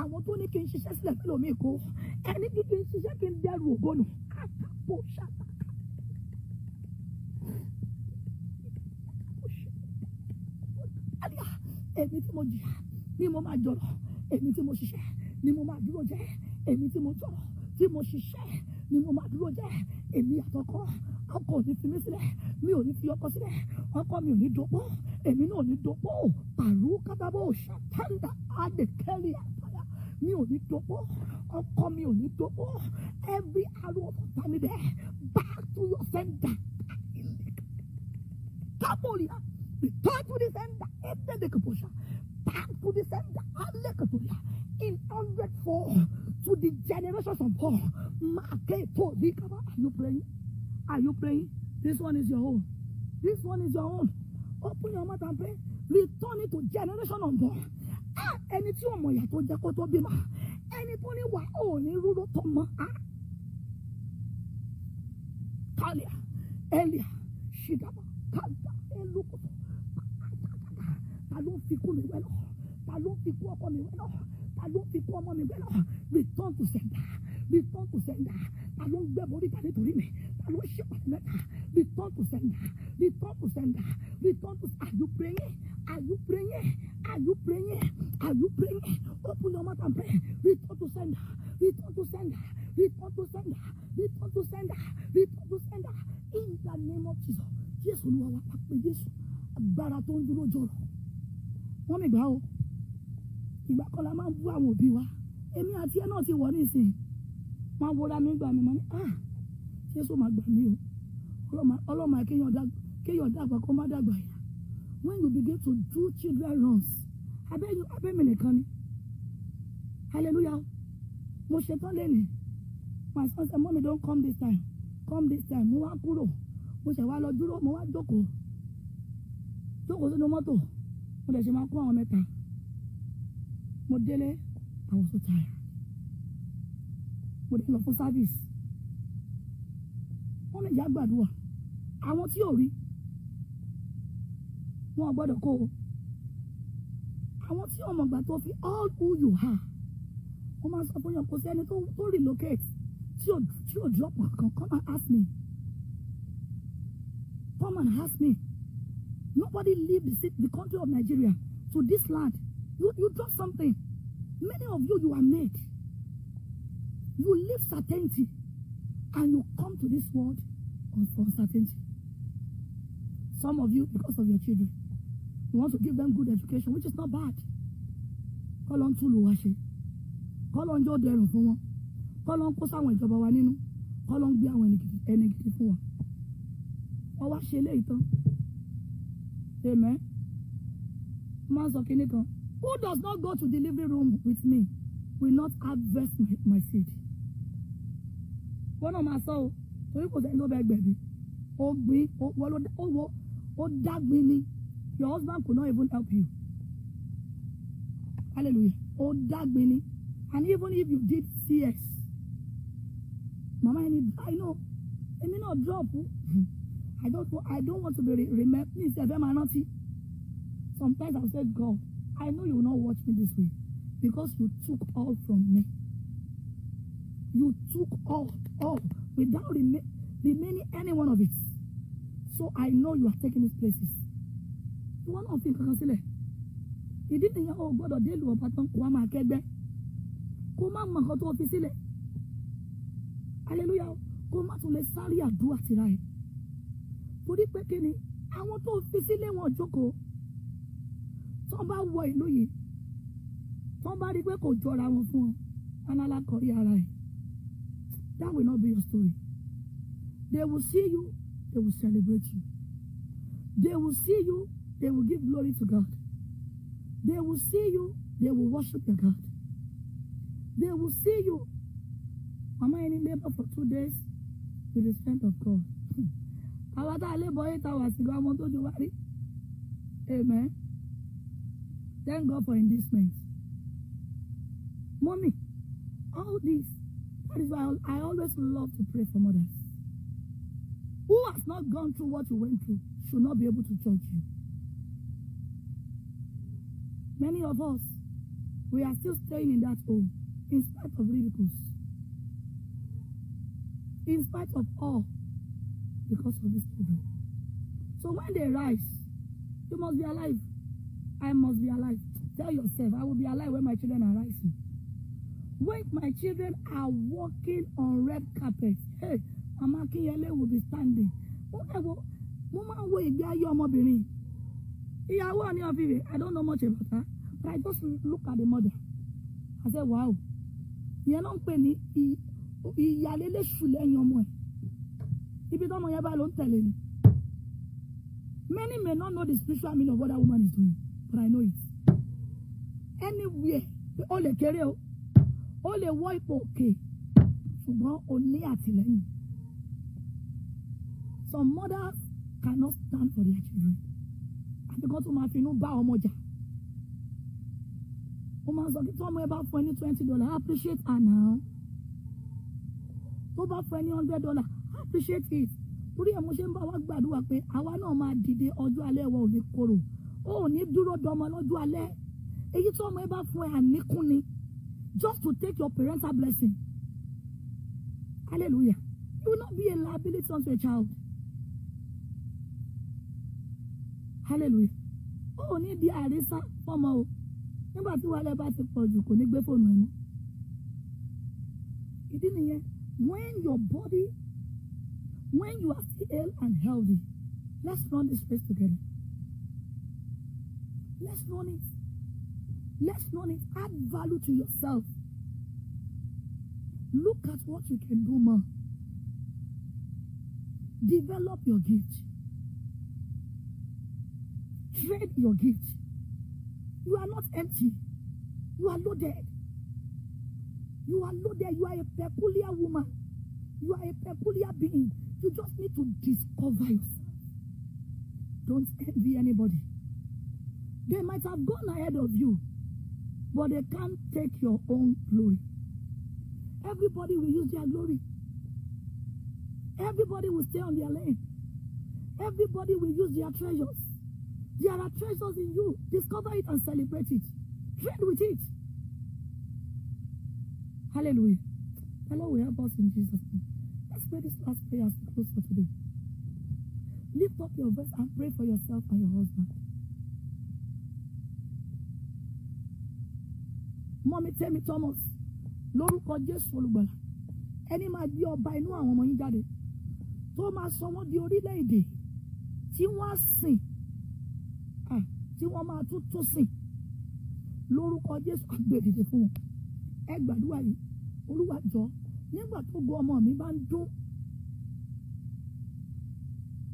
àwọn tó ní kí n ṣiṣẹ́ sílẹ̀ fẹ́lẹ̀ omi kó ẹni kí kí n ṣiṣẹ́ kí n dẹrù ògbónù kàtàkó ṣàtà. èmi tí mo jìyà ni mo máa jọrọ èmi tí mo ṣiṣẹ́ ni mo máa dúró jẹ́ èmi tí mo jọrọ tí mo ṣiṣẹ́ ni mo máa dúró jẹ́ èmi àtọkọ́ ọkọ ò ní fi mí sílẹ̀ mi ò ní fi ọkọ sílẹ̀ ọkọ mi ò ní dopó èmi náà ò ní dopó pàlú kábàbọ̀ ṣàtàǹdà àdèkẹ́rì àtàyà mi ò ní dopó ọkọ mi ò ní dopó every arrow of family there back to your sender kábòrìà return to the sender ẹ̀ẹ́dẹ́gbẹ̀kẹ̀pọ̀ṣà back to the sender alẹ́kẹ̀tọ̀yà in hundred four to the generations of God. Mark it for the Are you praying? Are you praying? This one is your own. This one is your own. Open your mouth and pray. Return it to generation unborn. Ah, ẹni tí ò mọ̀ ìyà tó jẹ́ kó tó bímọ. Ẹni tó ní wà ó ní rúró tó mọ́. Kálíà, Ẹlíà, Ṣìdàbà, Kálíà, Elúkòtò. Ta ló fi kú mi wẹ́ lọ? Ta ló fi kú ọkọ mi wẹ́ lọ? Ta ló fi kú ọmọ mi wẹ́ lọ? Return to sender. Return to sender. Ta ló ń gbẹ́ borí ta nítorí mi? fellowship of men. Return to sender. Return to sender. Return to sender. Are you praying? Are you praying? Are you praying? Are you praying? Open your mouth and pray. Return to sender. Return to sender. Return to sender. Return to sender. Return to sender. In the name of Jesus. Jesus, ni wọ́n wá pa pé Jésù agbára tó ń dúró jọrọ̀. Wọ́n mi gbà ó. Ìgbà kan la máa ń bú àwọn òbí wa. Èmi àti ẹ náà ti wọ̀ ní ìsìn. Máa wo mi gbà mí mọ́ ní. Ah, jésù máa gbà mí o ọlọ́mà kéèyàn dàgbà kó má dàgbà yá when you begin to do children runs abẹ́mi nìkan ni hallelujah mo ṣetán lẹ́nu my son say mommy don come this time come this time mo wá kúrò mo ṣẹ̀ wá lọ dúró mo wá jókòó jókòó sínú mọ́tò mo dẹ̀ ṣe máa kó àwọn mẹ́ta mo délé àwọn sọ́tà mo dé lọ fún service wọ́n lè já gbàdúrà àwọn tí ò rí wọn ò kó o àwọn tí ọmọ ìgbà tó fi all who you are wọ́n máa sọ fún yàn kò sí ẹni tó tó relocate tí ò tí ò drop kankan come and ask me come and ask me nobody leave the the country of Nigeria to this land you you drop something many of you you are made you live certainty And you come to this world of uncertainty. Some of you, because of your children, you want to give them good education, which is not bad. Kọ́ ló ń tún lò wá ṣe. Kọ́ ló ń jó dẹrùn fún wọn. Kọ́ ló ń kó sáwọn ìjọba wa nínú. Amen. Máa sọ Who does not go to delivery room with me will not harvest my, my seed wọn náà máa sọ o torí kò sẹ́ni tó bẹ gbẹ̀bí ó gbin ó wo ó dágbin ni your husband could not even help you hallelujah ó dágbin ni and even if you did CS mama ẹni I know èmi náà drop [laughs] I don't I don't want to be remember me sef ẹ máa rántí sometimes I say God I know you will watch me this way because you took all from me you took all, all, without rem remaining any one of it. So I know you are taking these places. You want to Kakasile. Ìdí nìyẹn o didn't. dé ìlú ọba tó ń kó wa máa kẹ́gbẹ́. Kó má mọ̀ nǹkan tó fi sílẹ̀. Aleluya o, kó má tún lè sáré àdúrà tìra ẹ̀. Torí pé kí ni àwọn tó fi sílẹ̀ wọn jókòó. Tọ́ bá wọ ìlú yìí, tọ́ bá rí pé kò jọra wọn fún ọ, análá kọrí ara ẹ̀. That will not be your story. They will see you, they will celebrate you. They will see you, they will give glory to God. They will see you, they will worship your God. They will see you. Am I in labor for two days? With the strength of God. [laughs] Amen. Thank God for enlistment. Mommy, all this That is why I always love to pray for mothers. Who has not gone through what you went through should not be able to judge you. Many of us, we are still staying in that home in spite of ridicules, in spite of all, because of these children. So when they rise, you must be alive. I must be alive. Tell yourself, I will be alive when my children are rising when my children are walking on red carpet hey, mama Akinyele will be standing mo máa ń wo ìgbé ayé ọmọbìnrin ìyàwó ọ̀ní ọ̀fìrì I don't know much about her but I just look at the mother I say wow ìyẹn ló ń pè ní ìyàlélẹ́sù lẹ́yìn ọmọ ẹ̀ ibi tọ́mọ yẹn bá ló ń tẹ̀lé ni many may not know the spiritual meaning of what that woman is doing but I know it anywhere ó lè kéré o ó lè wọ ipò òkè ṣùgbọ́n o ní àtìlẹ́yìn some mothers cannot stand for their children àti kan tó máa finú bá ọmọ jà ó máa sọ kí tọ́mọ ẹ bá fún ẹ ní twenty dollar appreciate her now tó bá fún ẹ ní hundred dollar appreciate it torí ẹ̀ mo ṣe ń bá wa gbàdúrà pé àwa náà máa dìde ọjọ́ alẹ́ wa ò ní korò ó ò ní dúró dọmọ lọ́jọ́ alẹ́ èyí tọ́mọ ẹ bá fún ẹ àníkún ni just to take your parental blessing. Hallelujah. You will not be a liability unto a child. Hallelujah. Oh, ní the àrísá fọmọ o. Nígbà tí wàhálà bá ti pọ̀ jù kò ní gbé fóònù ẹ̀ mọ́. Ìdí nìyẹn, when your body, when you are still and healthy, let's run this place together. Let's run it. Let's not add value to yourself. Look at what you can do ma. Develop your gift. Trade your gift. You are not empty. You are loaded. You are loaded. You are a peculiar woman. You are a peculiar being. You just need to discover yourself. Don't envy anybody. They might have gone ahead of you. But they can't take your own glory. Everybody will use their glory. Everybody will stay on their lane. Everybody will use their treasures. There are treasures in you. Discover it and celebrate it. Trade with it. Hallelujah. The Lord will help us in Jesus' name. Let's pray this last prayer as we close for today. Lift up your voice and pray for yourself and your husband. mọ́mí tẹ́mi Thomas lórúkọ Jésù olùgbàlà ẹni máa di ọba inú àwọn ọmọ yín jáde tó máa sọ wọ́n di orílẹ̀-èdè tí wọ́n á sìn tí wọ́n máa tún tún sìn lórúkọ Jésù àgbèdèdè fún wọn ẹ gbàdúrà yìí Olúwa jọ nígbà tó go ọmọ mi bá ń dún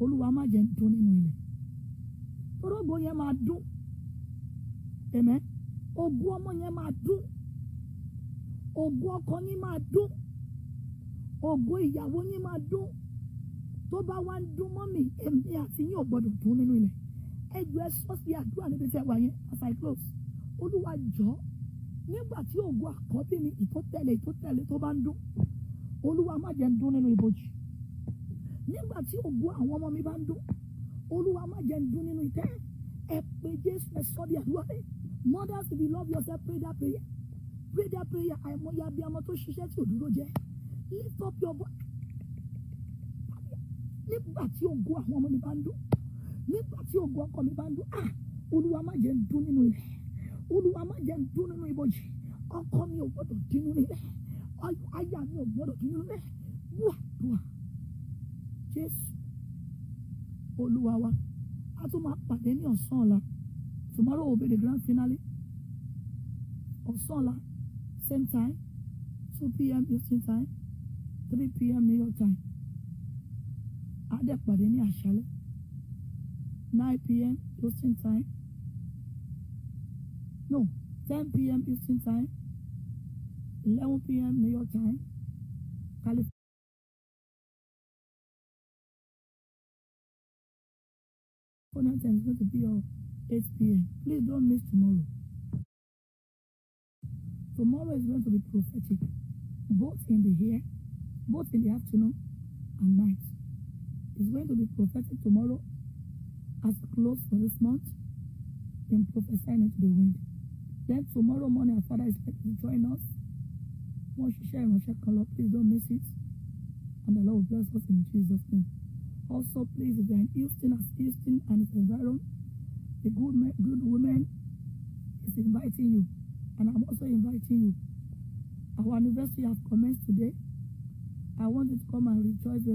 Olúwa má jẹ́ ń dún nínú ilẹ̀ torógbó yẹn máa dún ẹ̀mẹ́ ògo ọmọ yẹn máa dún ògo ọkọ ní máa dún ògo ìyàwó ní máa dún tó bá wá ń dún mọ́ mi èmi àti yín ò gbọ́dọ̀ dún nínú ilẹ̀ ẹjọ́ ẹ sọ sí àdúrà níbi tí ẹ wà yẹn as I close olúwa jọ nígbà tí ògo àkọ́bí mi ìtótẹ́lẹ̀ ìtótẹ́lẹ̀ tó bá ń dún olúwa má jẹ́ ń dún nínú ibojì nígbà tí ògo àwọn ọmọ mi bá ń dún olúwa má jẹ́ ń dún nínú ìtẹ́ ẹ pé jésù ẹ sọ di àdúrà rẹ mothers if you love yourself pray that prayer pray that prayer àìmọye abiyamọ tó ṣiṣẹ́ tí òdúró jẹ́ lift up your voice nígbà tí ògo àwọn ọmọ mi bá ń dún nígbà tí ògo ọkọ mi bá ń dún ah olúwa má jẹ́ ń dún nínú ilẹ̀ olúwa má jẹ́ ń dún nínú ibojì ọkọ mi ò gbọ́dọ̀ dín nínú ilẹ̀ aya mi ò gbọ́dọ̀ dín nínú ilẹ̀ wúwà dùà jésù olúwa wa a tún máa pàdé ní ọ̀sán ọ̀la. Tomorrow will be the grand finale of Sola. Same time, 2 p.m. Eastern time, 3 p.m. New York time. Adẹ́pàdé ní àṣálẹ́ 9 p.m. Eastern time. No, 10 p.m. Eastern time, 11 p.m. New York time, California. Oh, Time is going to be all. 8 p.m. Please don't miss tomorrow. Tomorrow is going to be prophetic, both in the here, both in the afternoon and night. It's going to be prophetic tomorrow as close for this month in prophesying into the wind. Then tomorrow morning, our father is expected to join us. Once you share and share color, please don't miss it. And the Lord will bless us in Jesus' name. Also, please, if you're in Houston, as Houston and its environment, a good, man, good woman is inviting you. And I'm also inviting you. Our anniversary has commenced today. I want you to come and rejoice. with